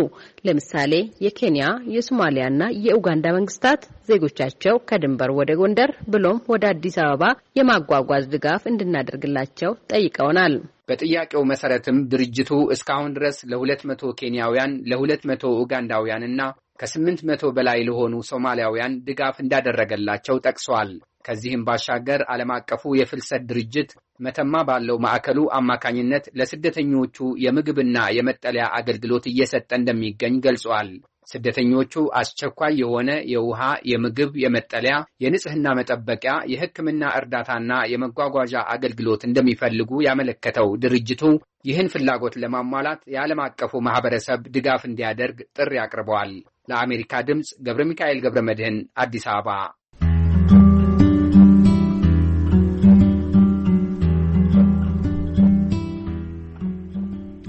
ለምሳሌ የኬንያ የሶማሊያ እና የኡጋንዳ መንግስታት ዜጎቻቸው ከድንበር ወደ ጎንደር ብሎም ወደ አዲስ አበባ የማጓጓዝ ድጋፍ እንድናደርግላቸው ጠይቀውናል። በጥያቄው መሰረትም ድርጅቱ እስካሁን ድረስ ለሁለት መቶ ኬንያውያን ለሁለት መቶ ኡጋንዳውያንና ከስምንት መቶ በላይ ለሆኑ ሶማሊያውያን ድጋፍ እንዳደረገላቸው ጠቅሷል። ከዚህም ባሻገር ዓለም አቀፉ የፍልሰት ድርጅት መተማ ባለው ማዕከሉ አማካኝነት ለስደተኞቹ የምግብና የመጠለያ አገልግሎት እየሰጠ እንደሚገኝ ገልጿል። ስደተኞቹ አስቸኳይ የሆነ የውሃ፣ የምግብ፣ የመጠለያ፣ የንጽህና መጠበቂያ፣ የሕክምና እርዳታና የመጓጓዣ አገልግሎት እንደሚፈልጉ ያመለከተው ድርጅቱ ይህን ፍላጎት ለማሟላት የዓለም አቀፉ ማህበረሰብ ድጋፍ እንዲያደርግ ጥሪ አቅርበዋል። ለአሜሪካ ድምፅ ገብረ ሚካኤል ገብረ መድህን አዲስ አበባ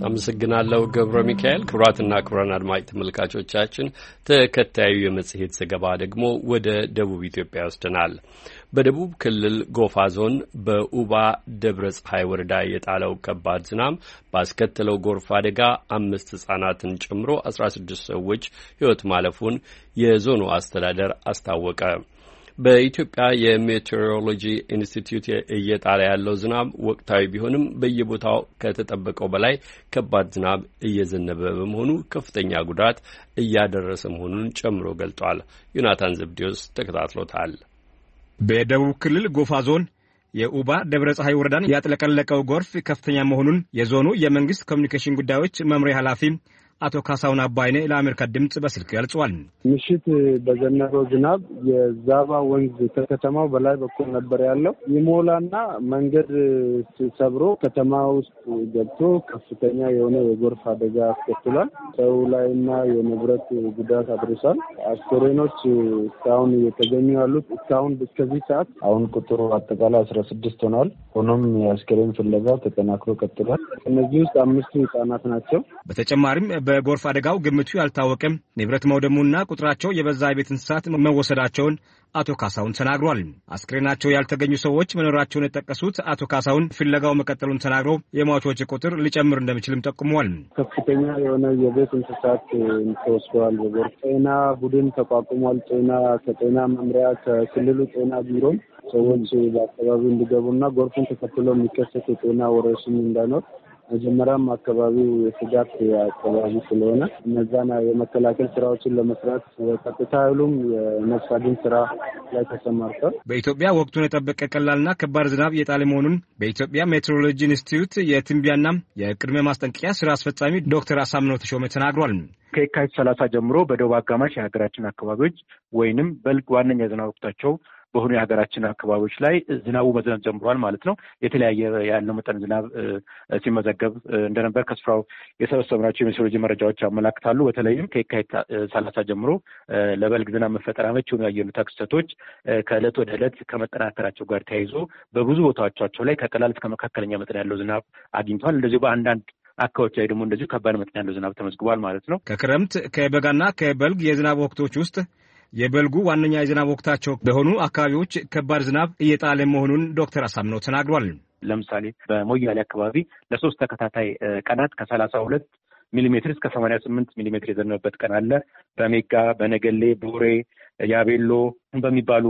አመሰግናለሁ ገብረ ሚካኤል። ክቡራትና ክቡራን አድማጭ ተመልካቾቻችን ተከታዩ የመጽሔት ዘገባ ደግሞ ወደ ደቡብ ኢትዮጵያ ይወስደናል። በደቡብ ክልል ጎፋ ዞን በኡባ ደብረ ፀሐይ ወረዳ የጣለው ከባድ ዝናብ ባስከተለው ጎርፍ አደጋ አምስት ህጻናትን ጨምሮ አስራ ስድስት ሰዎች ሕይወት ማለፉን የዞኑ አስተዳደር አስታወቀ። በኢትዮጵያ የሜቴሮሎጂ ኢንስቲትዩት እየጣለ ያለው ዝናብ ወቅታዊ ቢሆንም በየቦታው ከተጠበቀው በላይ ከባድ ዝናብ እየዘነበ በመሆኑ ከፍተኛ ጉዳት እያደረሰ መሆኑን ጨምሮ ገልጧል። ዮናታን ዘብዲዮስ ተከታትሎታል። በደቡብ ክልል ጎፋ ዞን የኡባ ደብረ ፀሐይ ወረዳን ያጥለቀለቀው ጎርፍ ከፍተኛ መሆኑን የዞኑ የመንግስት ኮሚኒኬሽን ጉዳዮች መምሪያ ኃላፊ አቶ ካሳሁን አባይነ ለአሜሪካ ድምፅ በስልክ ገልጿል። ምሽት በዘነበው ዝናብ የዛባ ወንዝ ከከተማው በላይ በኩል ነበር ያለው ይሞላና መንገድ ሰብሮ ከተማ ውስጥ ገብቶ ከፍተኛ የሆነ የጎርፍ አደጋ አስከትሏል። ሰው ላይና የንብረት ጉዳት አድርሷል። አስከሬኖች እስካሁን እየተገኙ ያሉት እስካሁን እስከዚህ ሰዓት አሁን ቁጥሩ አጠቃላይ አስራ ስድስት ሆኗል። ሆኖም የአስክሬን ፍለጋ ተጠናክሮ ቀጥሏል። እነዚህ ውስጥ አምስቱ ህጻናት ናቸው። በተጨማሪም በ በጎርፍ አደጋው ግምቱ ያልታወቀም ንብረት መውደሙና ቁጥራቸው የበዛ የቤት እንስሳት መወሰዳቸውን አቶ ካሳውን ተናግሯል። አስክሬናቸው ያልተገኙ ሰዎች መኖራቸውን የጠቀሱት አቶ ካሳሁን ፍለጋው መቀጠሉን ተናግረው የሟቾች ቁጥር ሊጨምር እንደሚችልም ጠቁመዋል። ከፍተኛ የሆነ የቤት እንስሳት ተወስደዋል። በጎርፍ ጤና ቡድን ተቋቁሟል። ጤና ከጤና መምሪያ ከክልሉ ጤና ቢሮም ሰዎች በአካባቢው እንዲገቡና ጎርፍን ተከትሎ የሚከሰት የጤና ወረርሽኝ እንዳይኖር መጀመሪያም አካባቢው የስጋት አካባቢ ስለሆነ እነዛን የመከላከል ስራዎችን ለመስራት የጸጥታ ኃይሉም የነፍስ አድን ስራ ላይ ተሰማርቷል። በኢትዮጵያ ወቅቱን የጠበቀ ቀላልና ከባድ ዝናብ የጣለ መሆኑን በኢትዮጵያ ሜትሮሎጂ ኢንስቲትዩት የትንቢያና የቅድመ ማስጠንቀቂያ ስራ አስፈጻሚ ዶክተር አሳምነው ተሾመ ተናግሯል። ከየካቲት ሰላሳ ጀምሮ በደቡብ አጋማሽ የሀገራችን አካባቢዎች ወይንም በልግ ዋነኛ የዝናብ ወቅታቸው በሆኑ የሀገራችን አካባቢዎች ላይ ዝናቡ መዝነብ ጀምሯል ማለት ነው። የተለያየ ያለው መጠን ዝናብ ሲመዘገብ እንደነበር ከስፍራው የሰበሰብናቸው የሜትሮሎጂ መረጃዎች ያመላክታሉ። በተለይም ከየካቲት ሰላሳ ጀምሮ ለበልግ ዝናብ መፈጠር አመች ሆኑ የአየር ክስተቶች ወደ እለት ከመጠናከራቸው ጋር ተያይዞ በብዙ ቦታዎቻቸው ላይ ከቀላል እስከ መካከለኛ መጠን ያለው ዝናብ አግኝቷል። እንደዚሁ በአንዳንድ አካባቢዎች ላይ ደግሞ እንደዚሁ ከባድ መጠን ያለው ዝናብ ተመዝግቧል ማለት ነው። ከክረምት ከበጋና ከበልግ የዝናብ ወቅቶች ውስጥ የበልጉ ዋነኛ የዝናብ ወቅታቸው በሆኑ አካባቢዎች ከባድ ዝናብ እየጣለ መሆኑን ዶክተር አሳምነው ተናግሯል። ለምሳሌ በሞያሌ አካባቢ ለሶስት ተከታታይ ቀናት ከሰላሳ ሁለት ሚሊሜትር እስከ ሰማኒያ ስምንት ሚሊሜትር የዘነበበት ቀን አለ። በሜጋ በነገሌ፣ ቡሬ፣ ያቤሎ በሚባሉ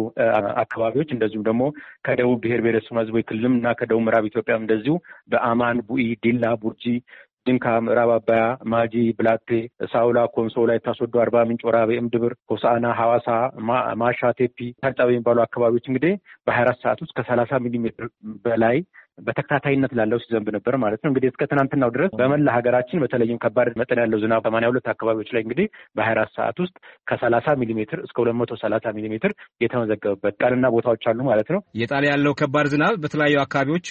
አካባቢዎች እንደዚሁም ደግሞ ከደቡብ ብሔር ብሔረሰብ ሕዝቦች ክልልም እና ከደቡብ ምዕራብ ኢትዮጵያም እንደዚሁ በአማን፣ ቡኢ፣ ዲላ፣ ቡርጂ እዚህም ምዕራብ አባያ፣ ማጂ፣ ብላቴ፣ ሳውላ፣ ኮንሶ፣ ወላይታ ሶዶ፣ አርባ ምንጭ፣ ወራቤ፣ እምድብር፣ ሆሳና፣ ሐዋሳ፣ ማሻ፣ ቴፒ፣ ታጫ የሚባሉ አካባቢዎች እንግዲህ በሀያ አራት ሰዓት ውስጥ ከሰላሳ ሚሊሜትር በላይ በተከታታይነት ላለው ሲዘንብ ነበር ማለት ነው። እንግዲህ እስከ ትናንትናው ድረስ በመላ ሀገራችን በተለይም ከባድ መጠን ያለው ዝናብ ሰማንያ ሁለት አካባቢዎች ላይ እንግዲህ በሀያ አራት ሰዓት ውስጥ ከሰላሳ ሚሊሜትር እስከ ሁለት መቶ ሰላሳ ሚሊሜትር የተመዘገበበት ቀንና ቦታዎች አሉ ማለት ነው። የጣለ ያለው ከባድ ዝናብ በተለያዩ አካባቢዎች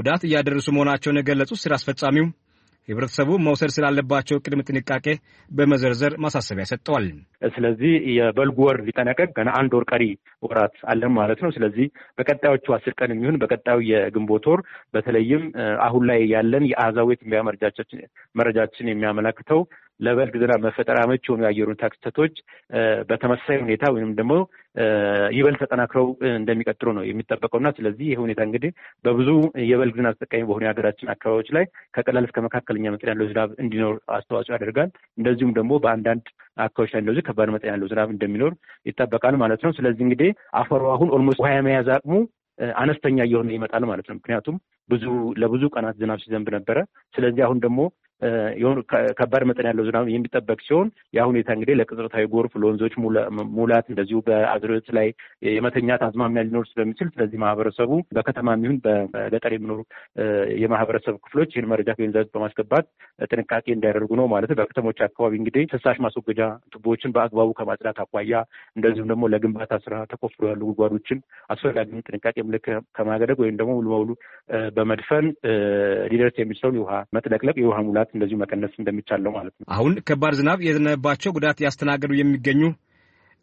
ጉዳት እያደረሱ መሆናቸውን የገለጹት ስራ አስፈጻሚው ህብረተሰቡ መውሰድ ስላለባቸው ቅድመ ጥንቃቄ በመዘርዘር ማሳሰቢያ ሰጥተዋል። ስለዚህ የበልጉ ወር ሊጠናቀቅ ገና አንድ ወር ቀሪ ወራት አለን ማለት ነው። ስለዚህ በቀጣዮቹ አስር ቀን የሚሆን በቀጣዩ የግንቦት ወር በተለይም አሁን ላይ ያለን የአዛዊት መረጃችን የሚያመላክተው ለበልግ ዝናብ መፈጠር አመች የሆኑ የአየር ሁኔታ ክስተቶች በተመሳሳይ ሁኔታ ወይም ደግሞ ይበል ተጠናክረው እንደሚቀጥሉ ነው የሚጠበቀውና ስለዚህ ይህ ሁኔታ እንግዲህ በብዙ የበልግ ዝናብ ተጠቃሚ በሆኑ የሀገራችን አካባቢዎች ላይ ከቀላል እስከ መካከለኛ መጠን ያለው ዝናብ እንዲኖር አስተዋጽኦ ያደርጋል። እንደዚሁም ደግሞ በአንዳንድ አካባቢዎች ላይ እንደዚህ ከባድ መጠን ያለው ዝናብ እንደሚኖር ይጠበቃል ማለት ነው። ስለዚህ እንግዲህ አፈሩ አሁን ኦልሞስት ውሃ የመያዝ አቅሙ አነስተኛ እየሆነ ይመጣል ማለት ነው። ምክንያቱም ብዙ ለብዙ ቀናት ዝናብ ሲዘንብ ነበረ። ስለዚህ አሁን ደግሞ የሆኑ ከባድ መጠን ያለው ዝናብ የሚጠበቅ ሲሆን ያ ሁኔታ እንግዲህ ለቅጽበታዊ ጎርፍ፣ ለወንዞች ሙላት እንደዚሁ በአዝርዕት ላይ የመተኛት አዝማሚያ ሊኖር ስለሚችል ስለዚህ ማህበረሰቡ በከተማ ይሁን በገጠር የሚኖሩ የማህበረሰብ ክፍሎች ይህን መረጃ ከግንዛቤ በማስገባት ጥንቃቄ እንዲያደርጉ ነው ማለት ነው። በከተሞች አካባቢ እንግዲህ ፍሳሽ ማስወገጃ ቱቦዎችን በአግባቡ ከማጽዳት አኳያ እንደዚሁም ደግሞ ለግንባታ ስራ ተቆፍሮ ያሉ ጉድጓዶችን አስፈላጊውን ጥንቃቄ ምልክ ከማገደግ ወይም ደግሞ ሙሉ በሙሉ በመድፈን ሊደርስ የሚችለውን የውሃ መጥለቅለቅ የውሃ ሙላት ጉዳት እንደዚሁ መቀነስ እንደሚቻል ነው ማለት ነው። አሁን ከባድ ዝናብ የዘነበባቸው ጉዳት ያስተናገዱ የሚገኙ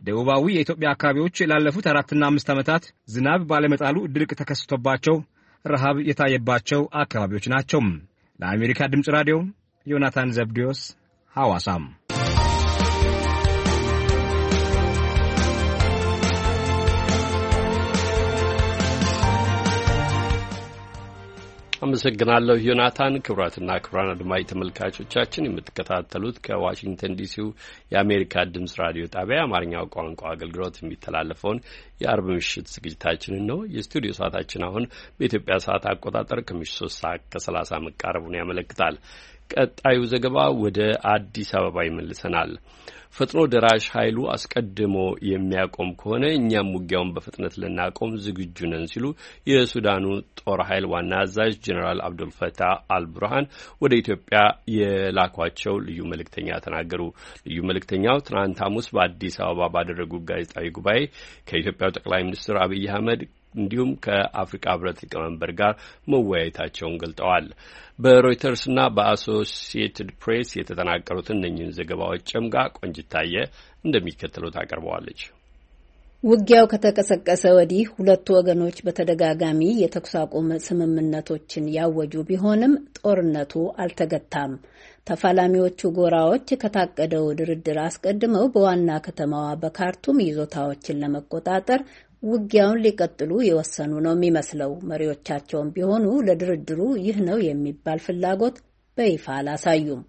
ደቡባዊ የኢትዮጵያ አካባቢዎች ላለፉት አራትና አምስት ዓመታት ዝናብ ባለመጣሉ ድርቅ ተከስቶባቸው ረሃብ የታየባቸው አካባቢዎች ናቸው። ለአሜሪካ ድምፅ ራዲዮ ዮናታን ዘብዲዮስ ሐዋሳም አመሰግናለሁ ዮናታን። ክቡራትና ክቡራን አድማጭ ተመልካቾቻችን የምትከታተሉት ከዋሽንግተን ዲሲው የአሜሪካ ድምጽ ራዲዮ ጣቢያ የአማርኛው ቋንቋ አገልግሎት የሚተላለፈውን የአርብ ምሽት ዝግጅታችንን ነው። የስቱዲዮ ሰዓታችን አሁን በኢትዮጵያ ሰዓት አቆጣጠር ከምሽት ሶስት ሰዓት ከሰላሳ መቃረቡን ያመለክታል። ቀጣዩ ዘገባ ወደ አዲስ አበባ ይመልሰናል። ፈጥኖ ደራሽ ኃይሉ አስቀድሞ የሚያቆም ከሆነ እኛም ውጊያውን በፍጥነት ልናቆም ዝግጁ ነን ሲሉ የሱዳኑ ጦር ኃይል ዋና አዛዥ ጀኔራል አብዱልፈታህ አልቡርሃን ወደ ኢትዮጵያ የላኳቸው ልዩ መልእክተኛ ተናገሩ። ልዩ መልእክተኛው ትናንት ሐሙስ በአዲስ አበባ ባደረጉት ጋዜጣዊ ጉባኤ ከኢትዮጵያው ጠቅላይ ሚኒስትር አብይ አህመድ እንዲሁም ከአፍሪካ ህብረት ሊቀመንበር ጋር መወያየታቸውን ገልጠዋል። በሮይተርስና በአሶሲየትድ ፕሬስ የተጠናቀሩት እነኝን ዘገባዎች ጨምጋ ቆንጅታየ እንደሚከተሉት ታቀርበዋለች። ውጊያው ከተቀሰቀሰ ወዲህ ሁለቱ ወገኖች በተደጋጋሚ የተኩስ አቁም ስምምነቶችን ያወጁ ቢሆንም ጦርነቱ አልተገታም። ተፋላሚዎቹ ጎራዎች ከታቀደው ድርድር አስቀድመው በዋና ከተማዋ በካርቱም ይዞታዎችን ለመቆጣጠር ውጊያውን ሊቀጥሉ የወሰኑ ነው የሚመስለው። መሪዎቻቸውም ቢሆኑ ለድርድሩ ይህ ነው የሚባል ፍላጎት በይፋ አላሳዩም።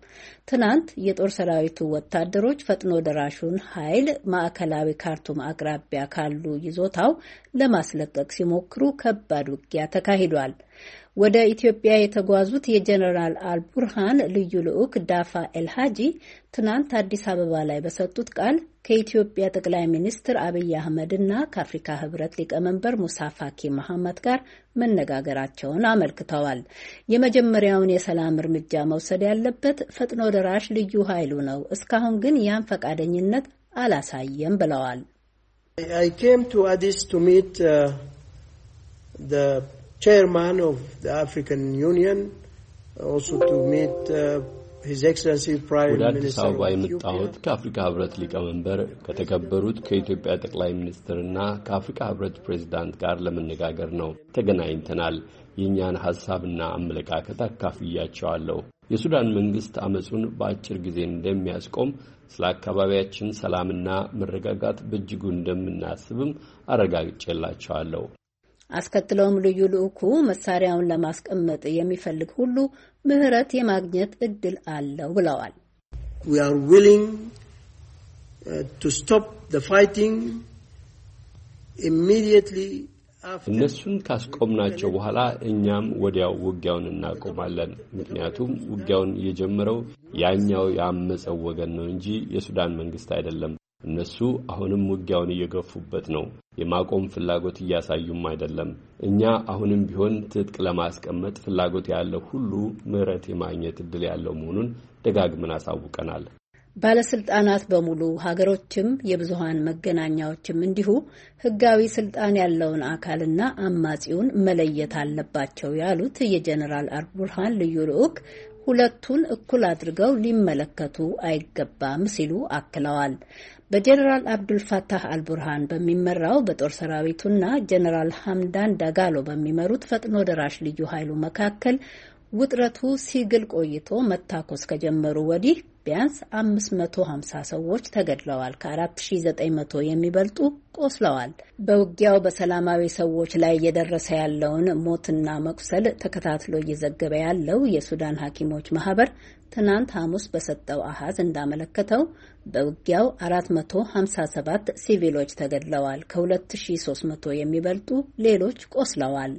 ትናንት የጦር ሰራዊቱ ወታደሮች ፈጥኖ ደራሹን ኃይል ማዕከላዊ ካርቱም አቅራቢያ ካሉ ይዞታው ለማስለቀቅ ሲሞክሩ ከባድ ውጊያ ተካሂዷል። ወደ ኢትዮጵያ የተጓዙት የጀነራል አልቡርሃን ልዩ ልዑክ ዳፋ ኤልሃጂ ትናንት አዲስ አበባ ላይ በሰጡት ቃል ከኢትዮጵያ ጠቅላይ ሚኒስትር አብይ አህመድ እና ከአፍሪካ ህብረት ሊቀመንበር ሙሳ ፋኪ መሐመድ ጋር መነጋገራቸውን አመልክተዋል። የመጀመሪያውን የሰላም እርምጃ መውሰድ ያለበት ፈጥኖ ደራሽ ልዩ ኃይሉ ነው፣ እስካሁን ግን ያን ፈቃደኝነት አላሳየም ብለዋል። uh, chairman of the African Union, also to meet uh, His Excellency Prime ወደ አዲስ አበባ የመጣሁት ከአፍሪካ ህብረት ሊቀመንበር ከተከበሩት ከኢትዮጵያ ጠቅላይ ሚኒስትርና ከአፍሪካ ህብረት ፕሬዚዳንት ጋር ለመነጋገር ነው። ተገናኝተናል። የእኛን ሀሳብና አመለካከት አካፍያቸዋለሁ። የሱዳን መንግስት አመፁን በአጭር ጊዜ እንደሚያስቆም ስለ አካባቢያችን ሰላምና መረጋጋት በእጅጉ እንደምናስብም አረጋግጬላቸዋለሁ። አስከትለውም ልዩ ልዑኩ መሳሪያውን ለማስቀመጥ የሚፈልግ ሁሉ ምህረት የማግኘት እድል አለው ብለዋል። We are willing uh, እነሱን ካስቆምናቸው በኋላ እኛም ወዲያው ውጊያውን እናቆማለን። ምክንያቱም ውጊያውን የጀመረው ያኛው ያመፀው ወገን ነው እንጂ የሱዳን መንግስት አይደለም። እነሱ አሁንም ውጊያውን እየገፉበት ነው። የማቆም ፍላጎት እያሳዩም አይደለም። እኛ አሁንም ቢሆን ትጥቅ ለማስቀመጥ ፍላጎት ያለው ሁሉ ምሕረት የማግኘት እድል ያለው መሆኑን ደጋግመን አሳውቀናል። ባለስልጣናት በሙሉ ሀገሮችም የብዙሀን መገናኛዎችም እንዲሁ ህጋዊ ስልጣን ያለውን አካልና አማጺውን መለየት አለባቸው ያሉት የጀኔራል አልቡርሃን ልዩ ልዑክ ሁለቱን እኩል አድርገው ሊመለከቱ አይገባም ሲሉ አክለዋል። በጀኔራል አብዱልፋታህ አልቡርሃን በሚመራው በጦር ሰራዊቱና ጀኔራል ሐምዳን ዳጋሎ በሚመሩት ፈጥኖ ደራሽ ልዩ ኃይሉ መካከል ውጥረቱ ሲግል ቆይቶ መታኮስ ከጀመሩ ወዲህ ቢያንስ 550 ሰዎች ተገድለዋል፣ ከ4900 የሚበልጡ ቆስለዋል። በውጊያው በሰላማዊ ሰዎች ላይ እየደረሰ ያለውን ሞትና መቁሰል ተከታትሎ እየዘገበ ያለው የሱዳን ሐኪሞች ማህበር ትናንት ሐሙስ በሰጠው አሃዝ እንዳመለከተው በውጊያው 457 ሲቪሎች ተገድለዋል፣ ከ2300 የሚበልጡ ሌሎች ቆስለዋል።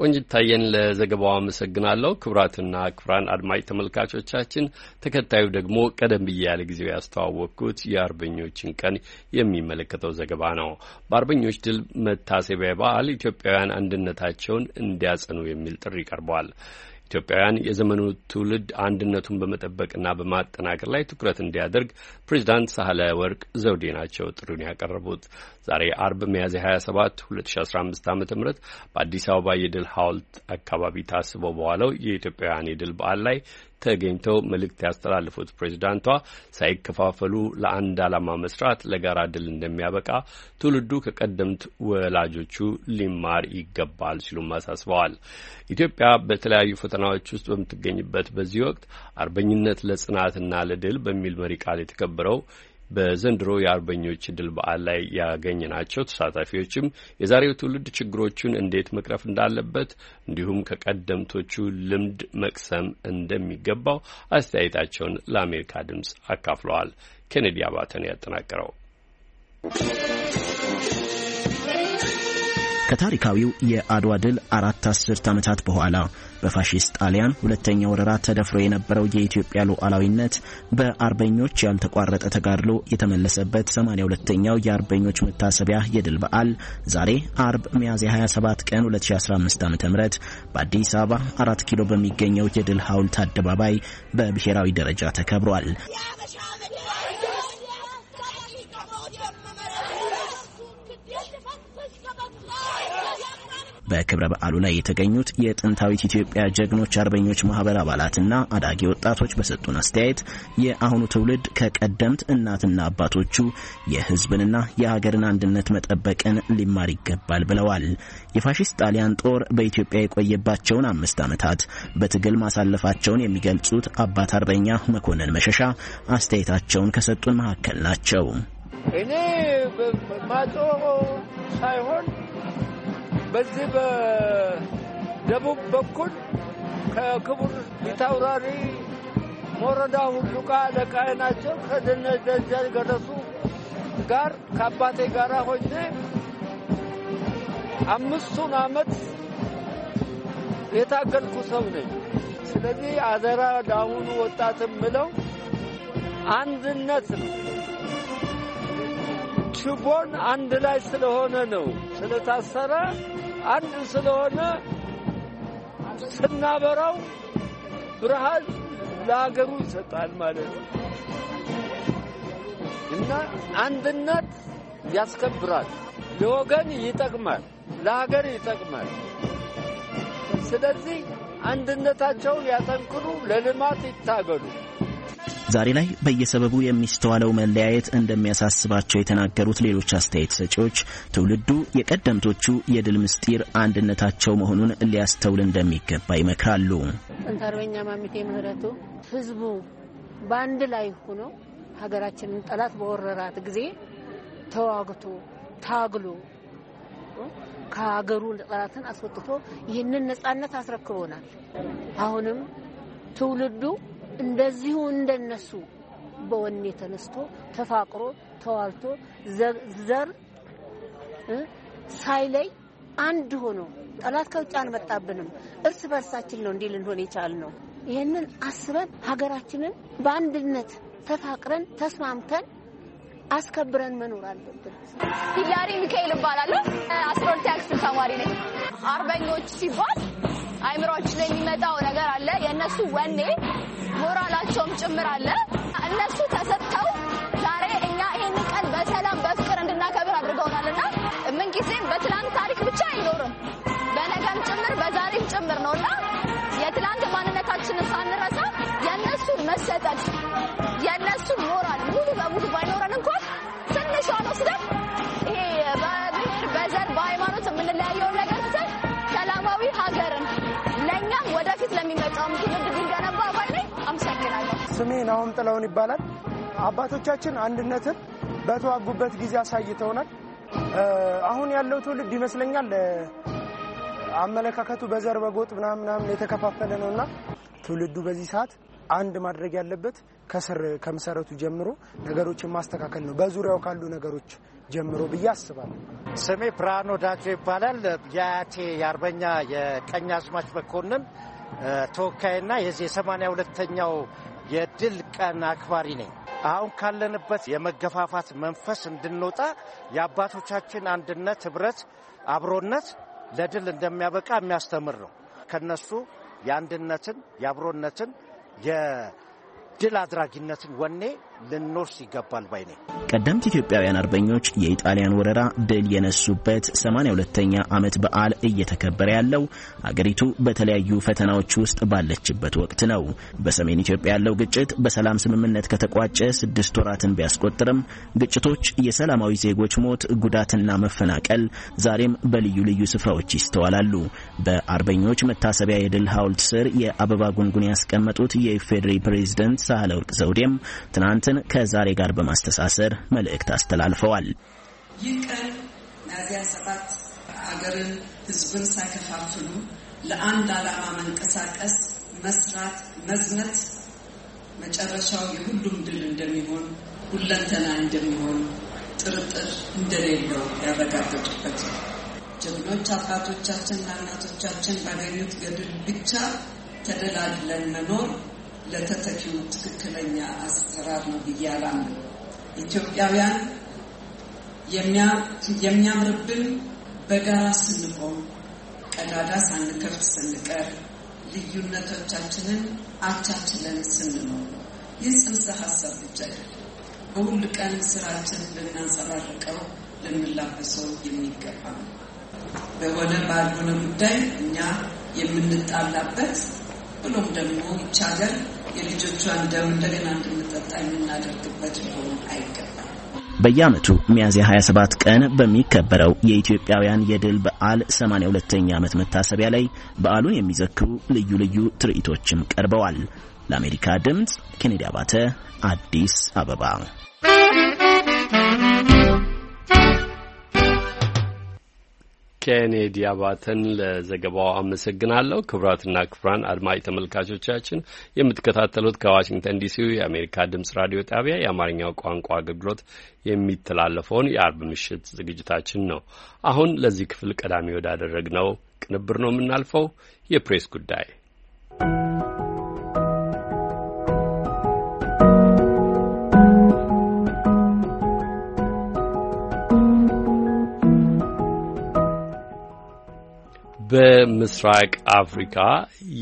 ቆንጅታየን ለዘገባው አመሰግናለሁ። ክቡራትና ክቡራን አድማጭ ተመልካቾቻችን፣ ተከታዩ ደግሞ ቀደም ብዬ ያለ ጊዜው ያስተዋወቅኩት የአርበኞችን ቀን የሚመለከተው ዘገባ ነው። በአርበኞች ድል መታሰቢያ በዓል ኢትዮጵያውያን አንድነታቸውን እንዲያጸኑ የሚል ጥሪ ቀርቧል። ኢትዮጵያውያን የዘመኑ ትውልድ አንድነቱን በመጠበቅና በማጠናከር ላይ ትኩረት እንዲያደርግ ፕሬዚዳንት ሳህለ ወርቅ ዘውዴ ናቸው ጥሪውን ያቀረቡት። ዛሬ አርብ ሚያዝያ 27 2015 ዓ ም በአዲስ አበባ የድል ሐውልት አካባቢ ታስቦ በኋላው የኢትዮጵያውያን የድል በዓል ላይ ተገኝተው መልእክት ያስተላልፉት ፕሬዚዳንቷ ሳይከፋፈሉ ለአንድ ዓላማ መስራት ለጋራ ድል እንደሚያበቃ ትውልዱ ከቀደምት ወላጆቹ ሊማር ይገባል ሲሉም አሳስበዋል። ኢትዮጵያ በተለያዩ ፈተናዎች ውስጥ በምትገኝበት በዚህ ወቅት አርበኝነት ለጽናትና ለድል በሚል መሪ ቃል የተከበረው በዘንድሮ የአርበኞች ድል በዓል ላይ ናቸው። ተሳታፊዎችም የዛሬው ትውልድ ችግሮቹን እንዴት መቅረፍ እንዳለበት እንዲሁም ከቀደምቶቹ ልምድ መቅሰም እንደሚገባው አስተያየታቸውን ለአሜሪካ ድምፅ አካፍለዋል። ኬኔዲ አባተን ያጠናቀረው ከታሪካዊው የአድዋ ድል አራት አስርት ዓመታት በኋላ በፋሺስት ጣሊያን ሁለተኛ ወረራ ተደፍሮ የነበረው የኢትዮጵያ ሉዓላዊነት በአርበኞች ያልተቋረጠ ተጋድሎ የተመለሰበት 82ኛው የአርበኞች መታሰቢያ የድል በዓል ዛሬ አርብ ሚያዝያ 27 ቀን 2015 ዓ ም በአዲስ አበባ አራት ኪሎ በሚገኘው የድል ሐውልት አደባባይ በብሔራዊ ደረጃ ተከብሯል። በክብረ በዓሉ ላይ የተገኙት የጥንታዊት ኢትዮጵያ ጀግኖች አርበኞች ማህበር አባላትና አዳጊ ወጣቶች በሰጡን አስተያየት የአሁኑ ትውልድ ከቀደምት እናትና አባቶቹ የህዝብንና የሀገርን አንድነት መጠበቅን ሊማር ይገባል ብለዋል። የፋሽስት ጣሊያን ጦር በኢትዮጵያ የቆየባቸውን አምስት ዓመታት በትግል ማሳለፋቸውን የሚገልጹት አባት አርበኛ መኮንን መሸሻ አስተያየታቸውን ከሰጡን መካከል ናቸው። እኔ ማጦ ሳይሆን በዚህ በደቡብ በኩል ከክቡር ቢታውራሪ ሞረዳ ሁሉ ጋር ለቃይ ናቸው። ከደጃች ገረሱ ጋር ከአባቴ ጋር ሆኜ አምስቱን ዓመት የታገልኩ ሰው ነኝ። ስለዚህ አደራ ለአሁኑ ወጣትም ምለው አንድነት ነው። ችቦን አንድ ላይ ስለሆነ ነው ስለታሰረ አንድ ስለሆነ ስናበራው ብርሃን ለሀገሩ ይሰጣል ማለት ነው እና አንድነት ያስከብራል፣ ለወገን ይጠቅማል፣ ለሀገር ይጠቅማል። ስለዚህ አንድነታቸውን ያጠንክሩ፣ ለልማት ይታገሉ። ዛሬ ላይ በየሰበቡ የሚስተዋለው መለያየት እንደሚያሳስባቸው የተናገሩት ሌሎች አስተያየት ሰጪዎች ትውልዱ የቀደምቶቹ የድል ምስጢር አንድነታቸው መሆኑን ሊያስተውል እንደሚገባ ይመክራሉ። ጥንታርበኛ ማሚቴ ምህረቱ ህዝቡ በአንድ ላይ ሆኖ ሀገራችንን ጠላት በወረራት ጊዜ ተዋግቶ ታግሎ ከሀገሩ ጠላትን አስወጥቶ ይህንን ነጻነት አስረክቦናል። አሁንም ትውልዱ እንደዚሁ እንደነሱ በወኔ ተነስቶ ተፋቅሮ ተዋልቶ ዘር ሳይለይ አንድ ሆኖ ጠላት ከውጭ አልመጣብንም። እርስ በርሳችን ነው እንዲህ ልንሆን የቻልነው። ይህንን አስበን ሀገራችንን በአንድነት ተፋቅረን ተስማምተን አስከብረን መኖር አለብን። ሂላሪ ሚካኤል እባላለሁ። አስራ ሁለተኛ ክፍል ተማሪ ነኝ። አርበኞች ሲባል አይምሮች የሚመጣው ነገር አለ የእነሱ ወኔ ሞራላቸውም ጭምር አለ። እነሱ ተሰጥተው ዛሬ እኛ ይህን ቀን በሰላም በፍቅር እንድናከብር ምን ምንጊዜም በትላንት ታሪክ ብቻ አይኖርም፣ በነገም ጭምር በዛሬም ጭምር ነው እና የትላንት ማንነታችንን ሳንረሳ የእነሱ መሰጠት የእነሱ ሞራል ሙሉ በሙሉ ባይኖረን እንኳን ትንሿን ወስደን ይሄ በብሔር በዘር በሃይማኖት የምንለያየው ስሜ ናሆም ጥለውን ይባላል። አባቶቻችን አንድነትን በተዋጉበት ጊዜ አሳይተውናል። አሁን ያለው ትውልድ ይመስለኛል አመለካከቱ በዘር በጎጥ ምናምን የተከፋፈለ እና ትውልዱ በዚህ ሰዓት አንድ ማድረግ ያለበት ከስር ከመሰረቱ ጀምሮ ነገሮችን ማስተካከል ነው፣ በዙሪያው ካሉ ነገሮች ጀምሮ ብዬ አስባለሁ። ስሜ ብርሃኖ ዳጆ ይባላል። የአያቴ የአርበኛ የቀኝ አዝማች መኮንን ተወካይና የዚህ የሰማንያ ሁለተኛው የድል ቀን አክባሪ ነኝ። አሁን ካለንበት የመገፋፋት መንፈስ እንድንወጣ የአባቶቻችን አንድነት፣ ህብረት፣ አብሮነት ለድል እንደሚያበቃ የሚያስተምር ነው። ከነሱ የአንድነትን፣ የአብሮነትን፣ የድል አድራጊነትን ወኔ ልንወርስ ይገባል ባይ ነኝ። ቀደምት ኢትዮጵያውያን አርበኞች የኢጣሊያን ወረራ ድል የነሱበት 82ኛ ዓመት በዓል እየተከበረ ያለው አገሪቱ በተለያዩ ፈተናዎች ውስጥ ባለችበት ወቅት ነው። በሰሜን ኢትዮጵያ ያለው ግጭት በሰላም ስምምነት ከተቋጨ ስድስት ወራትን ቢያስቆጥርም ግጭቶች፣ የሰላማዊ ዜጎች ሞት፣ ጉዳትና መፈናቀል ዛሬም በልዩ ልዩ ስፍራዎች ይስተዋላሉ። በአርበኞች መታሰቢያ የድል ሐውልት ስር የአበባ ጉንጉን ያስቀመጡት የኢፌዴሪ ሳህለ ወርቅ ዘውዴም ትናንት ዕለትን ከዛሬ ጋር በማስተሳሰር መልእክት አስተላልፈዋል። ይህ ቀን ሚያዝያ ሰባት አገርን፣ ህዝብን ሳይከፋፍሉ ለአንድ ዓላማ መንቀሳቀስ፣ መስራት፣ መዝመት መጨረሻው የሁሉም ድል እንደሚሆን ሁለንተና እንደሚሆን ጥርጥር እንደሌለው ያረጋገጡበት ነው። ጀግኖች አባቶቻችንና እናቶቻችን ባገኙት ገድል ብቻ ተደላድለን መኖር ለተተኪው ትክክለኛ አሰራር ነው ብዬ አላምንም። ኢትዮጵያውያን የሚያምርብን በጋራ ስንቆም፣ ቀዳዳ ሳንከፍት ስንቀር፣ ልዩነቶቻችንን አቻችለን ስንኖር። ይህ ጽንሰ ሀሳብ ብቻ በሁል ቀን ስራችን ልናንጸባርቀው ልንላበሰው የሚገባ ነው። በሆነ ባልሆነ ጉዳይ እኛ የምንጣላበት ብሎም ደግሞ ይህች ሀገር የልጆቿን ደም እንደገና እንድንጠጣ የምናደርግበት ሊሆን አይገባል። በየዓመቱ ሚያዝያ 27 ቀን በሚከበረው የኢትዮጵያውያን የድል በዓል 82ኛ ዓመት መታሰቢያ ላይ በዓሉን የሚዘክሩ ልዩ ልዩ ትርኢቶችም ቀርበዋል። ለአሜሪካ ድምፅ ኬኔዲ አባተ አዲስ አበባ ኬኔዲ አባተን ለዘገባው አመሰግናለሁ። ክቡራትና ክቡራን አድማጭ ተመልካቾቻችን የምትከታተሉት ከዋሽንግተን ዲሲው የአሜሪካ ድምጽ ራዲዮ ጣቢያ የአማርኛው ቋንቋ አገልግሎት የሚተላለፈውን የአርብ ምሽት ዝግጅታችን ነው። አሁን ለዚህ ክፍል ቀዳሚ ወዳደረግነው ቅንብር ነው የምናልፈው። የፕሬስ ጉዳይ በምስራቅ አፍሪካ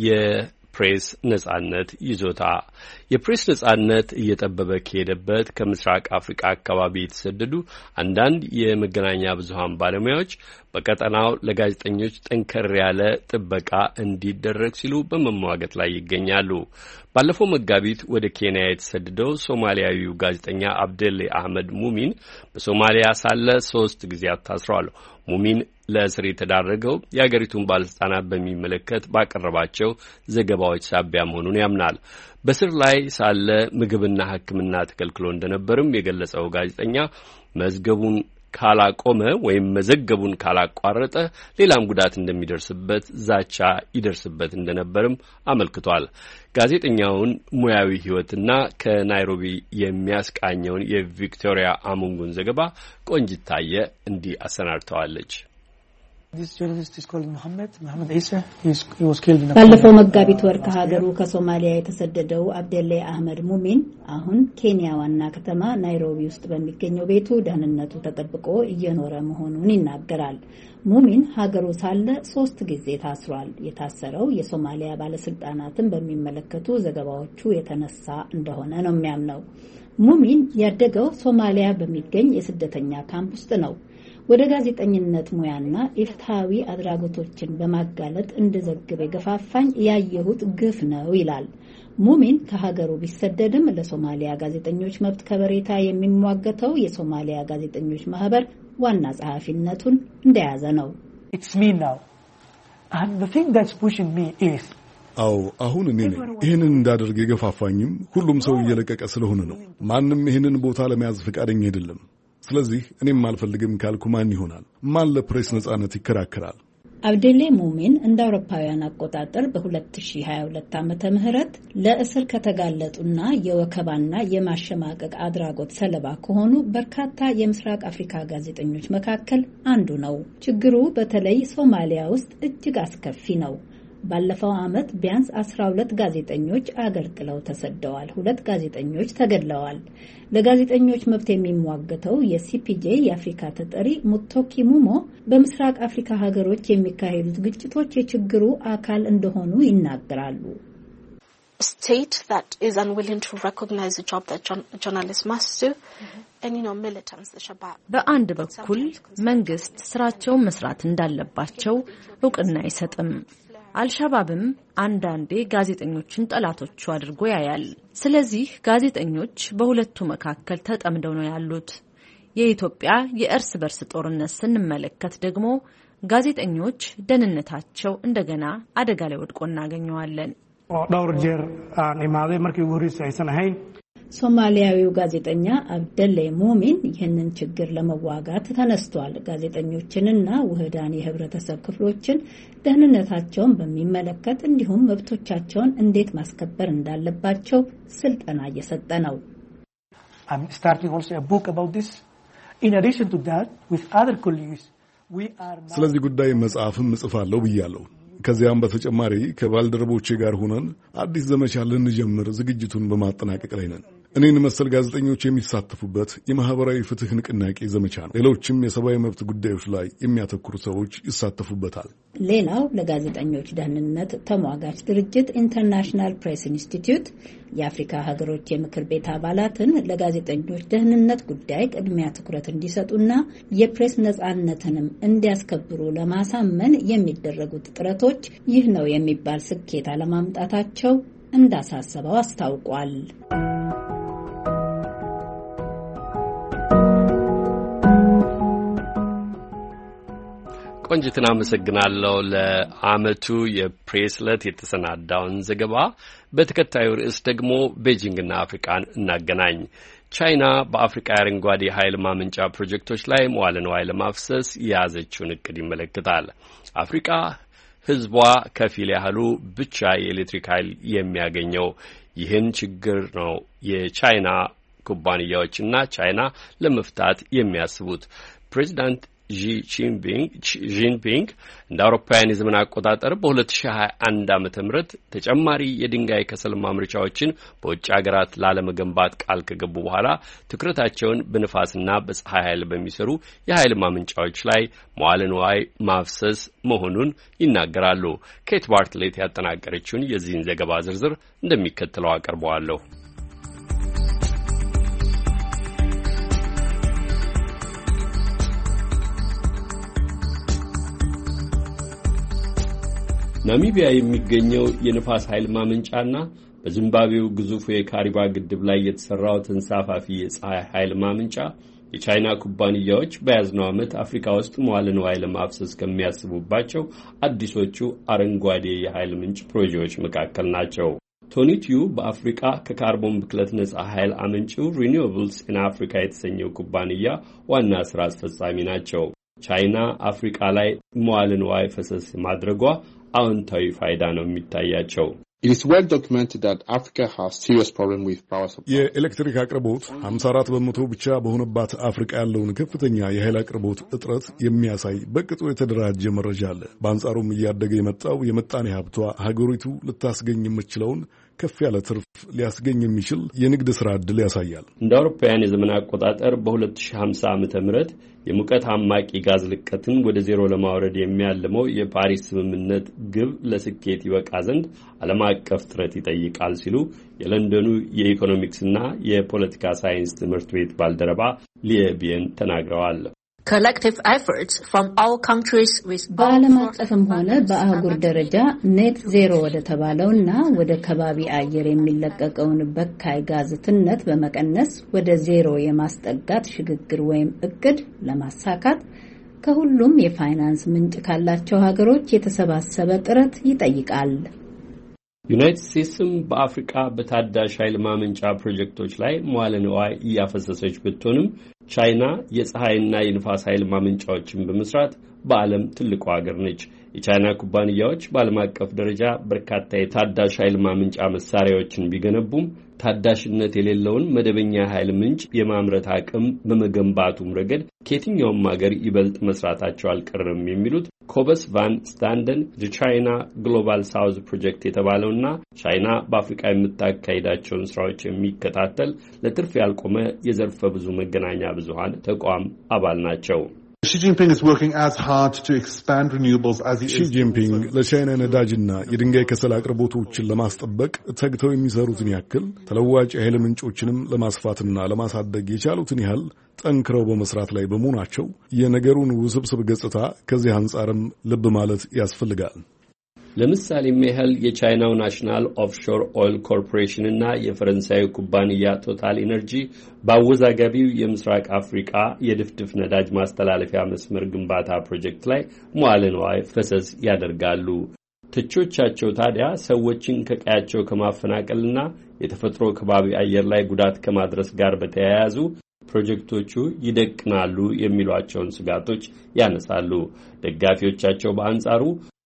የፕሬስ ነጻነት ይዞታ የፕሬስ ነጻነት እየጠበበ ከሄደበት ከምስራቅ አፍሪካ አካባቢ የተሰደዱ አንዳንድ የመገናኛ ብዙሀን ባለሙያዎች በቀጠናው ለጋዜጠኞች ጠንከር ያለ ጥበቃ እንዲደረግ ሲሉ በመሟገት ላይ ይገኛሉ። ባለፈው መጋቢት ወደ ኬንያ የተሰደደው ሶማሊያዊው ጋዜጠኛ አብደሌ አህመድ ሙሚን በሶማሊያ ሳለ ሶስት ጊዜያት ታስሯል። ሙሚን ለእስር የተዳረገው የአገሪቱን ባለስልጣናት በሚመለከት ባቀረባቸው ዘገባዎች ሳቢያ መሆኑን ያምናል። በስር ላይ ሳለ ምግብና ሕክምና ተከልክሎ እንደነበርም የገለጸው ጋዜጠኛ መዝገቡን ካላቆመ ወይም መዘገቡን ካላቋረጠ ሌላም ጉዳት እንደሚደርስበት ዛቻ ይደርስበት እንደነበርም አመልክቷል። ጋዜጠኛውን ሙያዊ ሕይወትና ከናይሮቢ የሚያስቃኘውን የቪክቶሪያ አሙንጉን ዘገባ ቆንጅታየ እንዲህ አሰናድተዋለች። ባለፈው መጋቢት ወር ከሀገሩ ከሶማሊያ የተሰደደው አብደላይ አህመድ ሙሚን አሁን ኬንያ ዋና ከተማ ናይሮቢ ውስጥ በሚገኘው ቤቱ ደህንነቱ ተጠብቆ እየኖረ መሆኑን ይናገራል። ሙሚን ሀገሩ ሳለ ሶስት ጊዜ ታስሯል። የታሰረው የሶማሊያ ባለስልጣናትን በሚመለከቱ ዘገባዎቹ የተነሳ እንደሆነ ነው የሚያምነው። ሙሚን ያደገው ሶማሊያ በሚገኝ የስደተኛ ካምፕ ውስጥ ነው። ወደ ጋዜጠኝነት ሙያና ኢፍትሐዊ አድራጎቶችን በማጋለጥ እንድዘግብ የገፋፋኝ ያየሁት ግፍ ነው ይላል። ሙሚን ከሀገሩ ቢሰደድም ለሶማሊያ ጋዜጠኞች መብት ከበሬታ የሚሟገተው የሶማሊያ ጋዜጠኞች ማህበር ዋና ጸሐፊነቱን እንደያዘ ነው። አዎ አሁን እኔ ነኝ። ይህንን እንዳደርግ የገፋፋኝም ሁሉም ሰው እየለቀቀ ስለሆነ ነው። ማንም ይህንን ቦታ ለመያዝ ፈቃደኛ አይደለም። ስለዚህ እኔም አልፈልግም ካልኩ ማን ይሆናል? ማን ለፕሬስ ነጻነት ይከራከራል? አብደሌ ሙሚን እንደ አውሮፓውያን አቆጣጠር በ2022 ዓ ም ለእስር ከተጋለጡና የወከባና የማሸማቀቅ አድራጎት ሰለባ ከሆኑ በርካታ የምስራቅ አፍሪካ ጋዜጠኞች መካከል አንዱ ነው። ችግሩ በተለይ ሶማሊያ ውስጥ እጅግ አስከፊ ነው። ባለፈው ዓመት ቢያንስ 12 ጋዜጠኞች አገር ጥለው ተሰደዋል። ሁለት ጋዜጠኞች ተገድለዋል። ለጋዜጠኞች መብት የሚሟገተው የሲፒጄ የአፍሪካ ተጠሪ ሙቶኪ ሙሞ በምስራቅ አፍሪካ ሀገሮች የሚካሄዱት ግጭቶች የችግሩ አካል እንደሆኑ ይናገራሉ። mm-hmm. በአንድ በኩል መንግስት ስራቸውን መስራት እንዳለባቸው እውቅና አይሰጥም። አልሸባብም አንዳንዴ ጋዜጠኞችን ጠላቶቹ አድርጎ ያያል። ስለዚህ ጋዜጠኞች በሁለቱ መካከል ተጠምደው ነው ያሉት። የኢትዮጵያ የእርስ በርስ ጦርነት ስንመለከት ደግሞ ጋዜጠኞች ደህንነታቸው እንደገና አደጋ ላይ ወድቆ እናገኘዋለን። ዶር ጀር አን ኢማዴ መርኪ አይሰን ሶማሊያዊው ጋዜጠኛ አብደሌ ሞሚን ይህንን ችግር ለመዋጋት ተነስቷል። ጋዜጠኞችንና ውህዳን የህብረተሰብ ክፍሎችን ደህንነታቸውን በሚመለከት እንዲሁም መብቶቻቸውን እንዴት ማስከበር እንዳለባቸው ስልጠና እየሰጠ ነው። ስለዚህ ጉዳይ መጽሐፍም እጽፋለሁ ብያለሁ። ከዚያም በተጨማሪ ከባልደረቦቼ ጋር ሆነን አዲስ ዘመቻ ልንጀምር ዝግጅቱን በማጠናቀቅ ላይ ነን። እኔን መሰል ጋዜጠኞች የሚሳተፉበት የማህበራዊ ፍትህ ንቅናቄ ዘመቻ ነው። ሌሎችም የሰብአዊ መብት ጉዳዮች ላይ የሚያተኩሩ ሰዎች ይሳተፉበታል። ሌላው ለጋዜጠኞች ደህንነት ተሟጋች ድርጅት ኢንተርናሽናል ፕሬስ ኢንስቲትዩት የአፍሪካ ሀገሮች የምክር ቤት አባላትን ለጋዜጠኞች ደህንነት ጉዳይ ቅድሚያ ትኩረት እንዲሰጡና የፕሬስ ነጻነትንም እንዲያስከብሩ ለማሳመን የሚደረጉት ጥረቶች ይህ ነው የሚባል ስኬት አለማምጣታቸው እንዳሳሰበው አስታውቋል። ቆንጅትን አመሰግናለሁ። ለአመቱ የፕሬስ የተሰናዳውን ዘገባ በተከታዩ ርዕስ ደግሞ ቤጂንግና አፍሪቃን እናገናኝ። ቻይና በአፍሪቃ የአረንጓዴ ኃይል ማመንጫ ፕሮጀክቶች ላይ መዋለ ንዋይ ለማፍሰስ የያዘችውን እቅድ ይመለከታል። አፍሪቃ ህዝቧ ከፊል ያህሉ ብቻ የኤሌክትሪክ ኃይል የሚያገኘው ይህን ችግር ነው የቻይና ኩባንያዎችና ቻይና ለመፍታት የሚያስቡት ፕሬዚዳንት ጂንፒንግ እንደ አውሮፓውያን የዘመን አቆጣጠር በ2021 ዓ ም ተጨማሪ የድንጋይ ከሰል ማምረቻዎችን በውጭ ሀገራት ላለመገንባት ቃል ከገቡ በኋላ ትኩረታቸውን በንፋስና በፀሐይ ኃይል በሚሰሩ የኃይል ማመንጫዎች ላይ መዋለ ንዋይ ማፍሰስ መሆኑን ይናገራሉ። ኬት ባርትሌት ያጠናቀረችውን የዚህን ዘገባ ዝርዝር እንደሚከተለው አቀርበዋለሁ። ናሚቢያ የሚገኘው የንፋስ ኃይል ማመንጫና በዚምባብዌው ግዙፉ የካሪባ ግድብ ላይ የተሰራው ተንሳፋፊ የፀሐይ ኃይል ማመንጫ የቻይና ኩባንያዎች በያዝነው ዓመት አፍሪካ ውስጥ መዋለ ንዋይ ለማፍሰስ ከሚያስቡባቸው አዲሶቹ አረንጓዴ የኃይል ምንጭ ፕሮጀዎች መካከል ናቸው። ቶኒቲዩ በአፍሪቃ ከካርቦን ብክለት ነፃ ኃይል አመንጪው ሪኒውብልስ ኢን አፍሪካ የተሰኘው ኩባንያ ዋና ስራ አስፈጻሚ ናቸው። ቻይና አፍሪቃ ላይ መዋለ ንዋይ ፈሰስ ማድረጓ አዎንታዊ ፋይዳ ነው የሚታያቸው። የኤሌክትሪክ አቅርቦት 54 በመቶ ብቻ በሆነባት አፍሪቃ ያለውን ከፍተኛ የኃይል አቅርቦት እጥረት የሚያሳይ በቅጡ የተደራጀ መረጃ አለ። በአንጻሩም እያደገ የመጣው የምጣኔ ሀብቷ ሀገሪቱ ልታስገኝ የምችለውን ከፍ ያለ ትርፍ ሊያስገኝ የሚችል የንግድ ስራ ዕድል ያሳያል። እንደ አውሮፓውያን የዘመን አቆጣጠር በ2050 ዓ ም የሙቀት አማቂ ጋዝ ልቀትን ወደ ዜሮ ለማውረድ የሚያልመው የፓሪስ ስምምነት ግብ ለስኬት ይበቃ ዘንድ ዓለም አቀፍ ጥረት ይጠይቃል ሲሉ የለንደኑ የኢኮኖሚክስና የፖለቲካ ሳይንስ ትምህርት ቤት ባልደረባ ሊየቢየን ተናግረዋል። በዓለም አቀፍም ሆነ በአህጉር ደረጃ ኔት ዜሮ ወደ ተባለው እና ወደ ከባቢ አየር የሚለቀቀውን በካይ ጋዝ ትነት በመቀነስ ወደ ዜሮ የማስጠጋት ሽግግር ወይም እቅድ ለማሳካት ከሁሉም የፋይናንስ ምንጭ ካላቸው ሀገሮች የተሰባሰበ ጥረት ይጠይቃል። ዩናይትድ ስቴትስም በአፍሪቃ በታዳሽ ኃይል ማመንጫ ፕሮጀክቶች ላይ መዋለ ንዋይ እያፈሰሰች ብትሆንም ቻይና የፀሐይና የንፋስ ኃይል ማመንጫዎችን በመስራት በዓለም ትልቁ ሀገር ነች። የቻይና ኩባንያዎች በዓለም አቀፍ ደረጃ በርካታ የታዳሽ ኃይል ማመንጫ መሳሪያዎችን ቢገነቡም ታዳሽነት የሌለውን መደበኛ ኃይል ምንጭ የማምረት አቅም በመገንባቱም ረገድ ከየትኛውም ሀገር ይበልጥ መስራታቸው አልቀረም የሚሉት ኮበስ ቫን ስታንደን ዘ ቻይና ግሎባል ሳውዝ ፕሮጀክት የተባለውና ቻይና በአፍሪቃ የምታካሂዳቸውን ስራዎች የሚከታተል ለትርፍ ያልቆመ የዘርፈ ብዙ መገናኛ ብዙሀን ተቋም አባል ናቸው። ሺ ጂንፒንግ ለቻይና ነዳጅና የድንጋይ ከሰል አቅርቦቶችን ለማስጠበቅ ተግተው የሚሰሩትን ያክል ተለዋጭ የኃይል ምንጮችንም ለማስፋትና ለማሳደግ የቻሉትን ያህል ጠንክረው በመስራት ላይ በመሆናቸው የነገሩን ውስብስብ ገጽታ ከዚህ አንጻርም ልብ ማለት ያስፈልጋል። ለምሳሌም ያህል የቻይናው ናሽናል ኦፍሾር ኦይል ኮርፖሬሽን እና የፈረንሳዩ ኩባንያ ቶታል ኢነርጂ በአወዛጋቢው የምስራቅ አፍሪቃ የድፍድፍ ነዳጅ ማስተላለፊያ መስመር ግንባታ ፕሮጀክት ላይ መዋለ ንዋይ ፈሰስ ያደርጋሉ። ትቾቻቸው ታዲያ ሰዎችን ከቀያቸው ከማፈናቀልና የተፈጥሮ ከባቢ አየር ላይ ጉዳት ከማድረስ ጋር በተያያዙ ፕሮጀክቶቹ ይደቅናሉ የሚሏቸውን ስጋቶች ያነሳሉ። ደጋፊዎቻቸው በአንጻሩ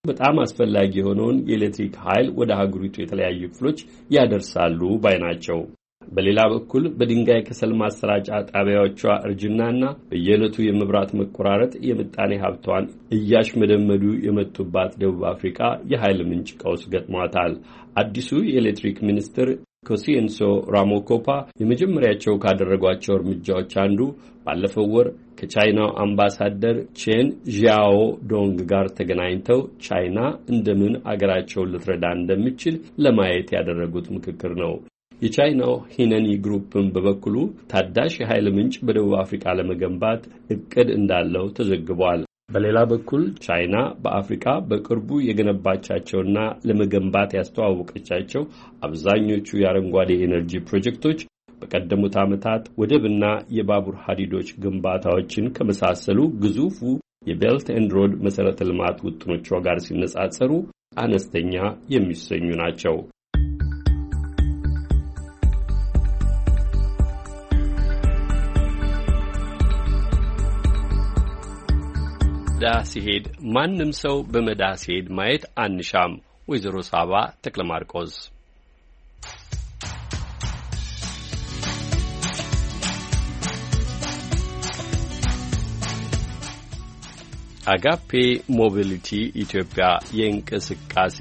በጣም አስፈላጊ የሆነውን የኤሌክትሪክ ኃይል ወደ ሀገሪቱ የተለያዩ ክፍሎች ያደርሳሉ ባይ ናቸው። በሌላ በኩል በድንጋይ ከሰል ማሰራጫ ጣቢያዎቿ እርጅናና በየዕለቱ የመብራት መቆራረጥ የምጣኔ ሀብቷን እያሽመደመዱ የመጡባት ደቡብ አፍሪካ የኃይል ምንጭ ቀውስ ገጥሟታል። አዲሱ የኤሌክትሪክ ሚኒስትር ኮሲንሶ ራሞኮፓ የመጀመሪያቸው ካደረጓቸው እርምጃዎች አንዱ ባለፈው ወር ከቻይናው አምባሳደር ቼን ዢያዎ ዶንግ ጋር ተገናኝተው ቻይና እንደምን አገራቸውን ልትረዳ እንደምችል ለማየት ያደረጉት ምክክር ነው። የቻይናው ሂነኒ ግሩፕን በበኩሉ ታዳሽ የኃይል ምንጭ በደቡብ አፍሪካ ለመገንባት እቅድ እንዳለው ተዘግቧል። በሌላ በኩል ቻይና በአፍሪካ በቅርቡ የገነባቻቸውና ለመገንባት ያስተዋወቀቻቸው አብዛኞቹ የአረንጓዴ ኤነርጂ ፕሮጀክቶች በቀደሙት ዓመታት ወደብና የባቡር ሀዲዶች ግንባታዎችን ከመሳሰሉ ግዙፉ የቤልት ኤንድ ሮድ መሠረተ ልማት ውጥኖቿ ጋር ሲነጻጸሩ አነስተኛ የሚሰኙ ናቸው። መዳ ሲሄድ ማንም ሰው በመዳ ሲሄድ ማየት አንሻም። ወይዘሮ ሳባ ተክለ ማርቆስ አጋፔ ሞቢሊቲ ኢትዮጵያ የእንቅስቃሴ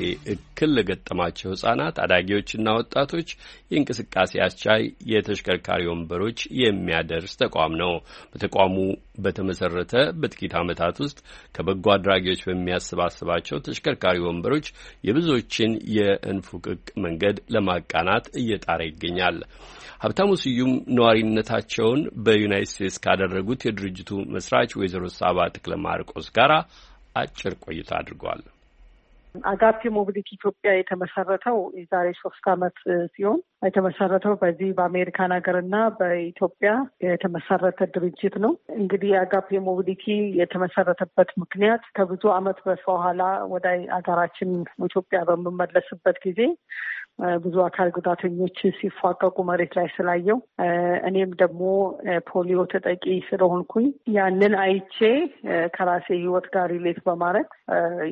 እክል ለገጠማቸው ህጻናት፣ አዳጊዎችና ወጣቶች የእንቅስቃሴ አስቻይ የተሽከርካሪ ወንበሮች የሚያደርስ ተቋም ነው። በተቋሙ በተመሰረተ በጥቂት ዓመታት ውስጥ ከበጎ አድራጊዎች በሚያሰባስባቸው ተሽከርካሪ ወንበሮች የብዙዎችን የእንፉቅቅ መንገድ ለማቃናት እየጣረ ይገኛል። ሀብታሙ ስዩም ነዋሪነታቸውን በዩናይት ስቴትስ ካደረጉት የድርጅቱ መስራች ወይዘሮ ሳባ ተክለ ጋር አጭር ቆይታ አድርጓል። አጋፔ ሞቢሊቲ ኢትዮጵያ የተመሰረተው የዛሬ ሶስት አመት ሲሆን የተመሰረተው በዚህ በአሜሪካን ሀገር እና በኢትዮጵያ የተመሰረተ ድርጅት ነው። እንግዲህ አጋፔ ሞቢሊቲ የተመሰረተበት ምክንያት ከብዙ አመት በኋላ ወደ ሀገራችን ኢትዮጵያ በምመለስበት ጊዜ ብዙ አካል ጉዳተኞች ሲፋቀቁ መሬት ላይ ስላየው እኔም ደግሞ ፖሊዮ ተጠቂ ስለሆንኩኝ ያንን አይቼ ከራሴ ህይወት ጋር ሪሌት በማድረግ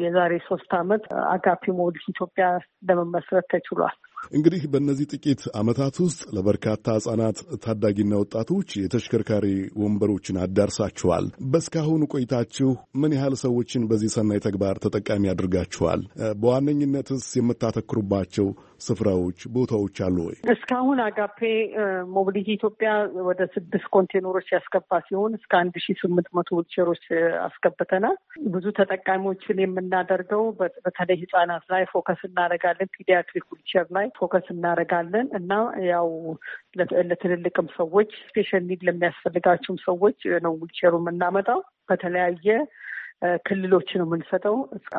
የዛሬ ሶስት ዓመት አጋፒ ሞድ ኢትዮጵያ ለመመስረት ተችሏል። እንግዲህ በእነዚህ ጥቂት ዓመታት ውስጥ ለበርካታ ህጻናት ታዳጊና ወጣቶች የተሽከርካሪ ወንበሮችን አዳርሳችኋል። በእስካሁኑ ቆይታችሁ ምን ያህል ሰዎችን በዚህ ሰናይ ተግባር ተጠቃሚ አድርጋችኋል? በዋነኝነትስ የምታተክሩባቸው ስፍራዎች፣ ቦታዎች አሉ ወይ? እስካሁን አጋፔ ሞቢሊቲ ኢትዮጵያ ወደ ስድስት ኮንቴነሮች ያስገባ ሲሆን እስከ አንድ ሺ ስምንት መቶ ዊልቸሮች አስገብተናል። ብዙ ተጠቃሚዎችን የምናደርገው በተለይ ህጻናት ላይ ፎከስ እናደርጋለን። ፒዲያትሪክ ዊልቸር ላይ ፎከስ እናደርጋለን እና ያው ለትልልቅም ሰዎች ስፔሻል ኒድ ለሚያስፈልጋቸውም ሰዎች ነው ዊልቸሩ የምናመጣው በተለያየ ክልሎች ነው የምንሰጠው።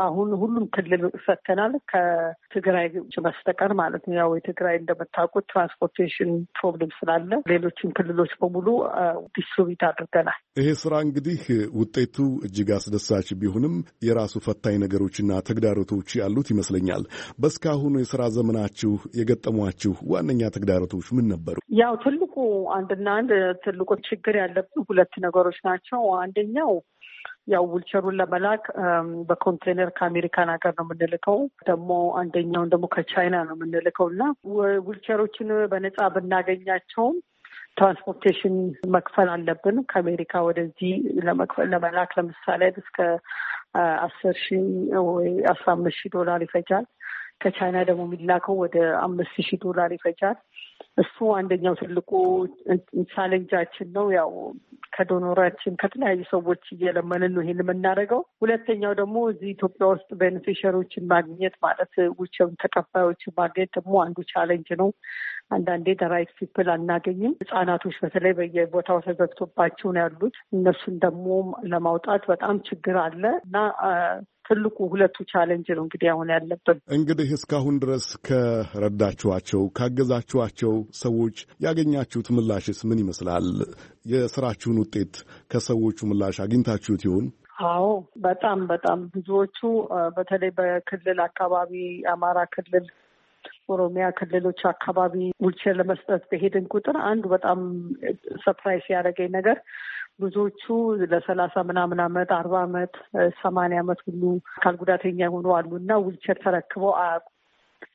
አሁን ሁሉም ክልል ሰጥተናል ከትግራይ በስተቀር ማለት ነው። ያው የትግራይ እንደምታውቁት ትራንስፖርቴሽን ፕሮብለም ስላለ ሌሎችም ክልሎች በሙሉ ዲስትሪቢዩት አድርገናል። ይሄ ስራ እንግዲህ ውጤቱ እጅግ አስደሳች ቢሆንም የራሱ ፈታኝ ነገሮችና ተግዳሮቶች ያሉት ይመስለኛል። በእስካሁኑ የስራ ዘመናችሁ የገጠሟችሁ ዋነኛ ተግዳሮቶች ምን ነበሩ? ያው ትልቁ አንድና አንድ ትልቁ ችግር ያለብን ሁለት ነገሮች ናቸው። አንደኛው ያው ውልቸሩን ለመላክ በኮንቴነር ከአሜሪካን ሀገር ነው የምንልከው። ደግሞ አንደኛውን ደግሞ ከቻይና ነው የምንልከው እና ውልቸሮችን በነፃ ብናገኛቸውም ትራንስፖርቴሽን መክፈል አለብን። ከአሜሪካ ወደዚህ ለመክፈል ለመላክ ለምሳሌ እስከ አስር ሺ ወይ አስራ አምስት ሺህ ዶላር ይፈጃል። ከቻይና ደግሞ የሚላከው ወደ አምስት ሺህ ዶላር ይፈጃል። እሱ አንደኛው ትልቁ ቻሌንጃችን ነው። ያው ከዶኖራችን ከተለያዩ ሰዎች እየለመንን ነው ይሄን የምናደርገው። ሁለተኛው ደግሞ እዚህ ኢትዮጵያ ውስጥ ቤኔፊሸሪዎችን ማግኘት ማለት ውጭ ተቀባዮችን ማግኘት ደግሞ አንዱ ቻሌንጅ ነው። አንዳንዴ ደራይት ፒፕል አናገኝም። ህጻናቶች በተለይ በየቦታው ተዘግቶባቸው ነው ያሉት። እነሱን ደግሞ ለማውጣት በጣም ችግር አለ እና ትልቁ ሁለቱ ቻለንጅ ነው እንግዲህ አሁን ያለብን። እንግዲህ እስካሁን ድረስ ከረዳችኋቸው ካገዛችኋቸው ሰዎች ያገኛችሁት ምላሽስ ምን ይመስላል? የስራችሁን ውጤት ከሰዎቹ ምላሽ አግኝታችሁት ይሆን? አዎ በጣም በጣም ብዙዎቹ በተለይ በክልል አካባቢ አማራ ክልል ኦሮሚያ ክልሎች አካባቢ ውልቸር ለመስጠት በሄድን ቁጥር አንዱ በጣም ሰፕራይስ ያደረገኝ ነገር ብዙዎቹ ለሰላሳ ምናምን አመት አርባ አመት ሰማንያ አመት ሁሉ አካል ጉዳተኛ የሆኑ አሉ እና ውልቸር ተረክበው አያውቁም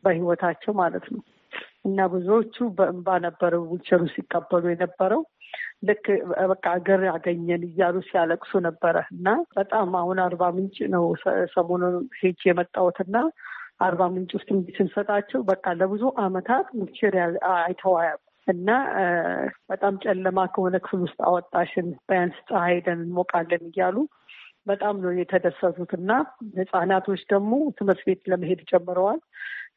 በህይወታቸው ማለት ነው እና ብዙዎቹ በእንባ ነበር ውልቸሩ ሲቀበሉ የነበረው ልክ በቃ ሀገር ያገኘን እያሉ ሲያለቅሱ ነበረ እና በጣም አሁን አርባ ምንጭ ነው ሰሞኑን ሄጅ የመጣሁት እና አርባ ምንጭ ውስጥ ስንሰጣቸው በቃ ለብዙ አመታት ዊልቸር አይተው እና በጣም ጨለማ ከሆነ ክፍል ውስጥ አወጣሽን ቢያንስ ፀሐይ እንሞቃለን እያሉ በጣም ነው የተደሰቱት። እና ህጻናቶች ደግሞ ትምህርት ቤት ለመሄድ ጀምረዋል።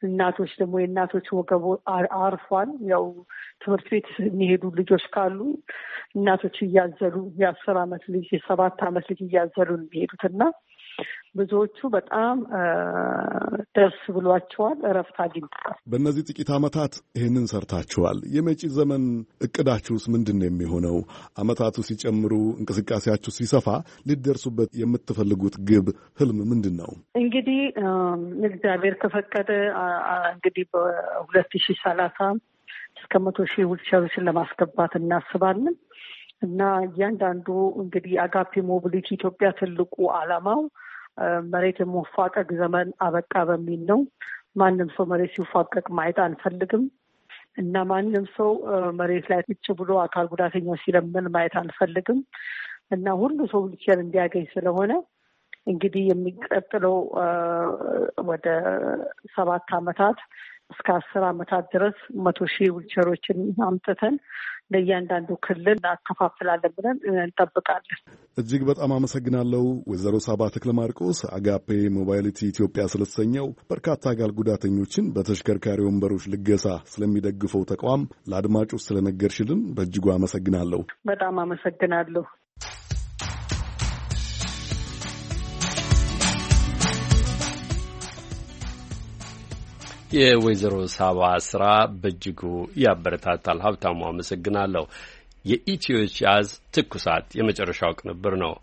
እናቶች ደግሞ የእናቶች ወገቡ አርፏል። ያው ትምህርት ቤት የሚሄዱ ልጆች ካሉ እናቶች እያዘሉ የአስር አመት ልጅ የሰባት አመት ልጅ እያዘሉ የሚሄዱት እና ብዙዎቹ በጣም ደስ ብሏቸዋል፣ እረፍት አግኝተዋል። በእነዚህ ጥቂት ዓመታት ይህንን ሰርታችኋል። የመጪ ዘመን እቅዳችሁስ ምንድን ነው የሚሆነው? ዓመታቱ ሲጨምሩ፣ እንቅስቃሴያችሁ ሲሰፋ ሊደርሱበት የምትፈልጉት ግብ፣ ህልም ምንድን ነው? እንግዲህ እግዚአብሔር ከፈቀደ እንግዲህ በሁለት ሺህ ሰላሳ እስከ መቶ ሺህ ዊልቸሮችን ለማስገባት እናስባለን እና እያንዳንዱ እንግዲህ አጋፔ ሞቢሊቲ ኢትዮጵያ ትልቁ ዓላማው መሬት የመፋቀቅ ዘመን አበቃ በሚል ነው። ማንም ሰው መሬት ሲፋቀቅ ማየት አንፈልግም እና ማንም ሰው መሬት ላይ ቁጭ ብሎ አካል ጉዳተኛ ሲለምን ማየት አንፈልግም እና ሁሉ ሰው ዊልቸር እንዲያገኝ ስለሆነ እንግዲህ የሚቀጥለው ወደ ሰባት አመታት። እስከ አስር ዓመታት ድረስ መቶ ሺህ ዊልቸሮችን አምጥተን ለእያንዳንዱ ክልል እናከፋፍላለን ብለን እንጠብቃለን። እጅግ በጣም አመሰግናለሁ ወይዘሮ ሳባ ተክለ ማርቆስ። አጋፔ ሞባይሊቲ ኢትዮጵያ ስለተሰኘው በርካታ አካል ጉዳተኞችን በተሽከርካሪ ወንበሮች ልገሳ ስለሚደግፈው ተቋም ለአድማጮች ስለነገርሽልን በእጅጉ አመሰግናለሁ። በጣም አመሰግናለሁ። የወይዘሮ ሳባ ስራ በእጅጉ ያበረታታል። ሀብታሙ አመሰግናለሁ። የኢትዮ ጃዝ ትኩሳት የመጨረሻው ቅንብር ነው።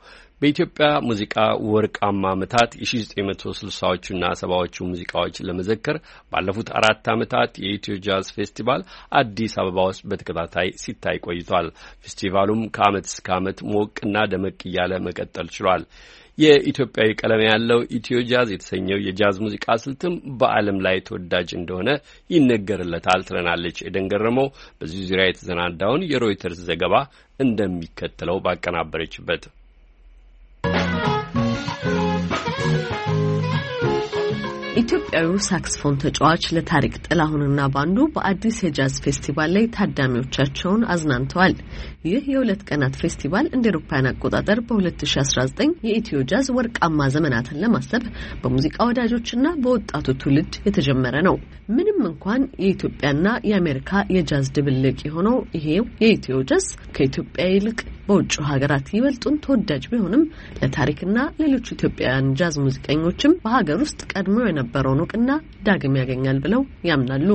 በኢትዮጵያ ሙዚቃ ወርቃማ ዓመታት የ1960ዎቹና ሰባዎቹ ሙዚቃዎች ለመዘከር ባለፉት አራት ዓመታት የኢትዮ ጃዝ ፌስቲቫል አዲስ አበባ ውስጥ በተከታታይ ሲታይ ቆይቷል። ፌስቲቫሉም ከዓመት እስከ ዓመት ሞቅና ደመቅ እያለ መቀጠል ችሏል። የኢትዮጵያዊ ቀለም ያለው ኢትዮ ጃዝ የተሰኘው የጃዝ ሙዚቃ ስልትም በዓለም ላይ ተወዳጅ እንደሆነ ይነገርለታል ትለናለች ኤደን ገረመው። በዚህ ዙሪያ የተዘናዳውን የሮይተርስ ዘገባ እንደሚከተለው ባቀናበረችበት ኢትዮጵያዊው ሳክስፎን ተጫዋች ለታሪክ ጥላሁንና ባንዱ በአዲስ የጃዝ ፌስቲቫል ላይ ታዳሚዎቻቸውን አዝናንተዋል። ይህ የሁለት ቀናት ፌስቲቫል እንደ ኤሮፓያን አቆጣጠር በ2019 የኢትዮ ጃዝ ወርቃማ ዘመናትን ለማሰብ በሙዚቃ ወዳጆችና በወጣቱ ትውልድ የተጀመረ ነው። ምንም እንኳን የኢትዮጵያና የአሜሪካ የጃዝ ድብልቅ የሆነው ይሄው የኢትዮ ጃዝ ከኢትዮጵያ ይልቅ በውጭ ሀገራት ይበልጡን ተወዳጅ ቢሆንም ለታሪክና ሌሎች ኢትዮጵያውያን ጃዝ ሙዚቀኞችም በሀገር ውስጥ ቀድሞ የነበረውን እውቅና ዳግም ያገኛል ብለው ያምናሉ።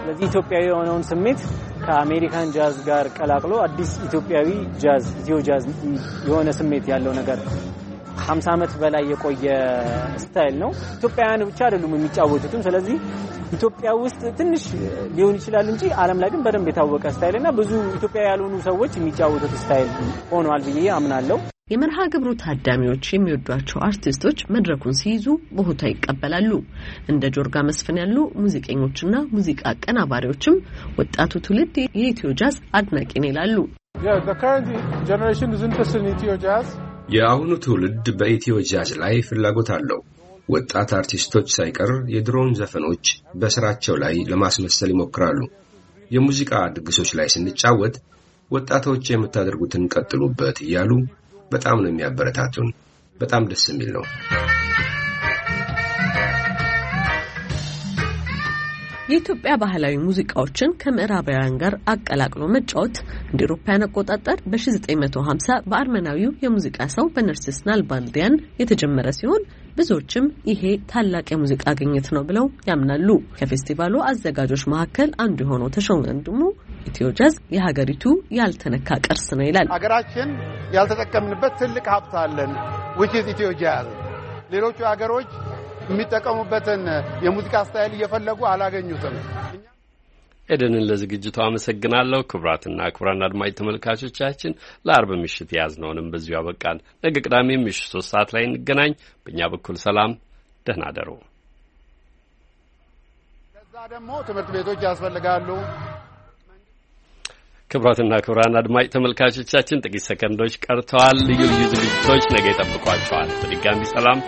ስለዚህ ኢትዮጵያዊ የሆነውን ስሜት ከአሜሪካን ጃዝ ጋር ቀላቅሎ አዲስ ኢትዮጵያዊ ጃዝ ኢትዮ ጃዝ የሆነ ስሜት ያለው ነገር 50 ዓመት በላይ የቆየ ስታይል ነው። ኢትዮጵያውያን ብቻ አይደሉም የሚጫወቱትም። ስለዚህ ኢትዮጵያ ውስጥ ትንሽ ሊሆን ይችላል እንጂ ዓለም ላይ ግን በደንብ የታወቀ ስታይል እና ብዙ ኢትዮጵያ ያልሆኑ ሰዎች የሚጫወቱት ስታይል ሆኗል ብዬ አምናለሁ። የመርሃ ግብሩ ታዳሚዎች የሚወዷቸው አርቲስቶች መድረኩን ሲይዙ በሆታ ይቀበላሉ። እንደ ጆርጋ መስፍን ያሉ ሙዚቀኞችና ሙዚቃ አቀናባሪዎችም ወጣቱ ትውልድ የኢትዮ ጃዝ አድናቂ ነው ይላሉ። የአሁኑ ትውልድ በኢትዮ ጃዝ ላይ ፍላጎት አለው። ወጣት አርቲስቶች ሳይቀር የድሮውን ዘፈኖች በሥራቸው ላይ ለማስመሰል ይሞክራሉ። የሙዚቃ ድግሶች ላይ ስንጫወት ወጣቶች የምታደርጉትን ቀጥሉበት እያሉ በጣም ነው የሚያበረታቱን። በጣም ደስ የሚል ነው። የኢትዮጵያ ባህላዊ ሙዚቃዎችን ከምዕራባውያን ጋር አቀላቅሎ መጫወት እንደ ኤሮፓያን አቆጣጠር በ1950 በአርመናዊው የሙዚቃ ሰው በነርሲስ ናልባንዲያን የተጀመረ ሲሆን ብዙዎችም ይሄ ታላቅ የሙዚቃ ግኝት ነው ብለው ያምናሉ። ከፌስቲቫሉ አዘጋጆች መካከል አንዱ የሆነው ተሾመ ወንድሙ ኢትዮ ጃዝ የሀገሪቱ ያልተነካ ቅርስ ነው ይላል። ሀገራችን ያልተጠቀምንበት ትልቅ ሀብት አለን which is ኢትዮ ጃዝ። ሌሎቹ ሀገሮች የሚጠቀሙበትን የሙዚቃ ስታይል እየፈለጉ አላገኙትም። ኤደንን ለዝግጅቱ አመሰግናለሁ። ክቡራትና ክቡራን አድማጭ ተመልካቾቻችን ለአርብ ምሽት የያዝነውንም በዚሁ ያበቃል። ነገ ቅዳሜ ምሽት ሶስት ሰዓት ላይ እንገናኝ። በእኛ በኩል ሰላም፣ ደህና አደሩ። ከዛ ደግሞ ትምህርት ቤቶች ያስፈልጋሉ። ክቡራትና ክቡራን አድማጭ ተመልካቾቻችን ጥቂት ሰከንዶች ቀርተዋል። ልዩ ልዩ ዝግጅቶች ነገ ይጠብቋቸዋል። በድጋሚ ሰላም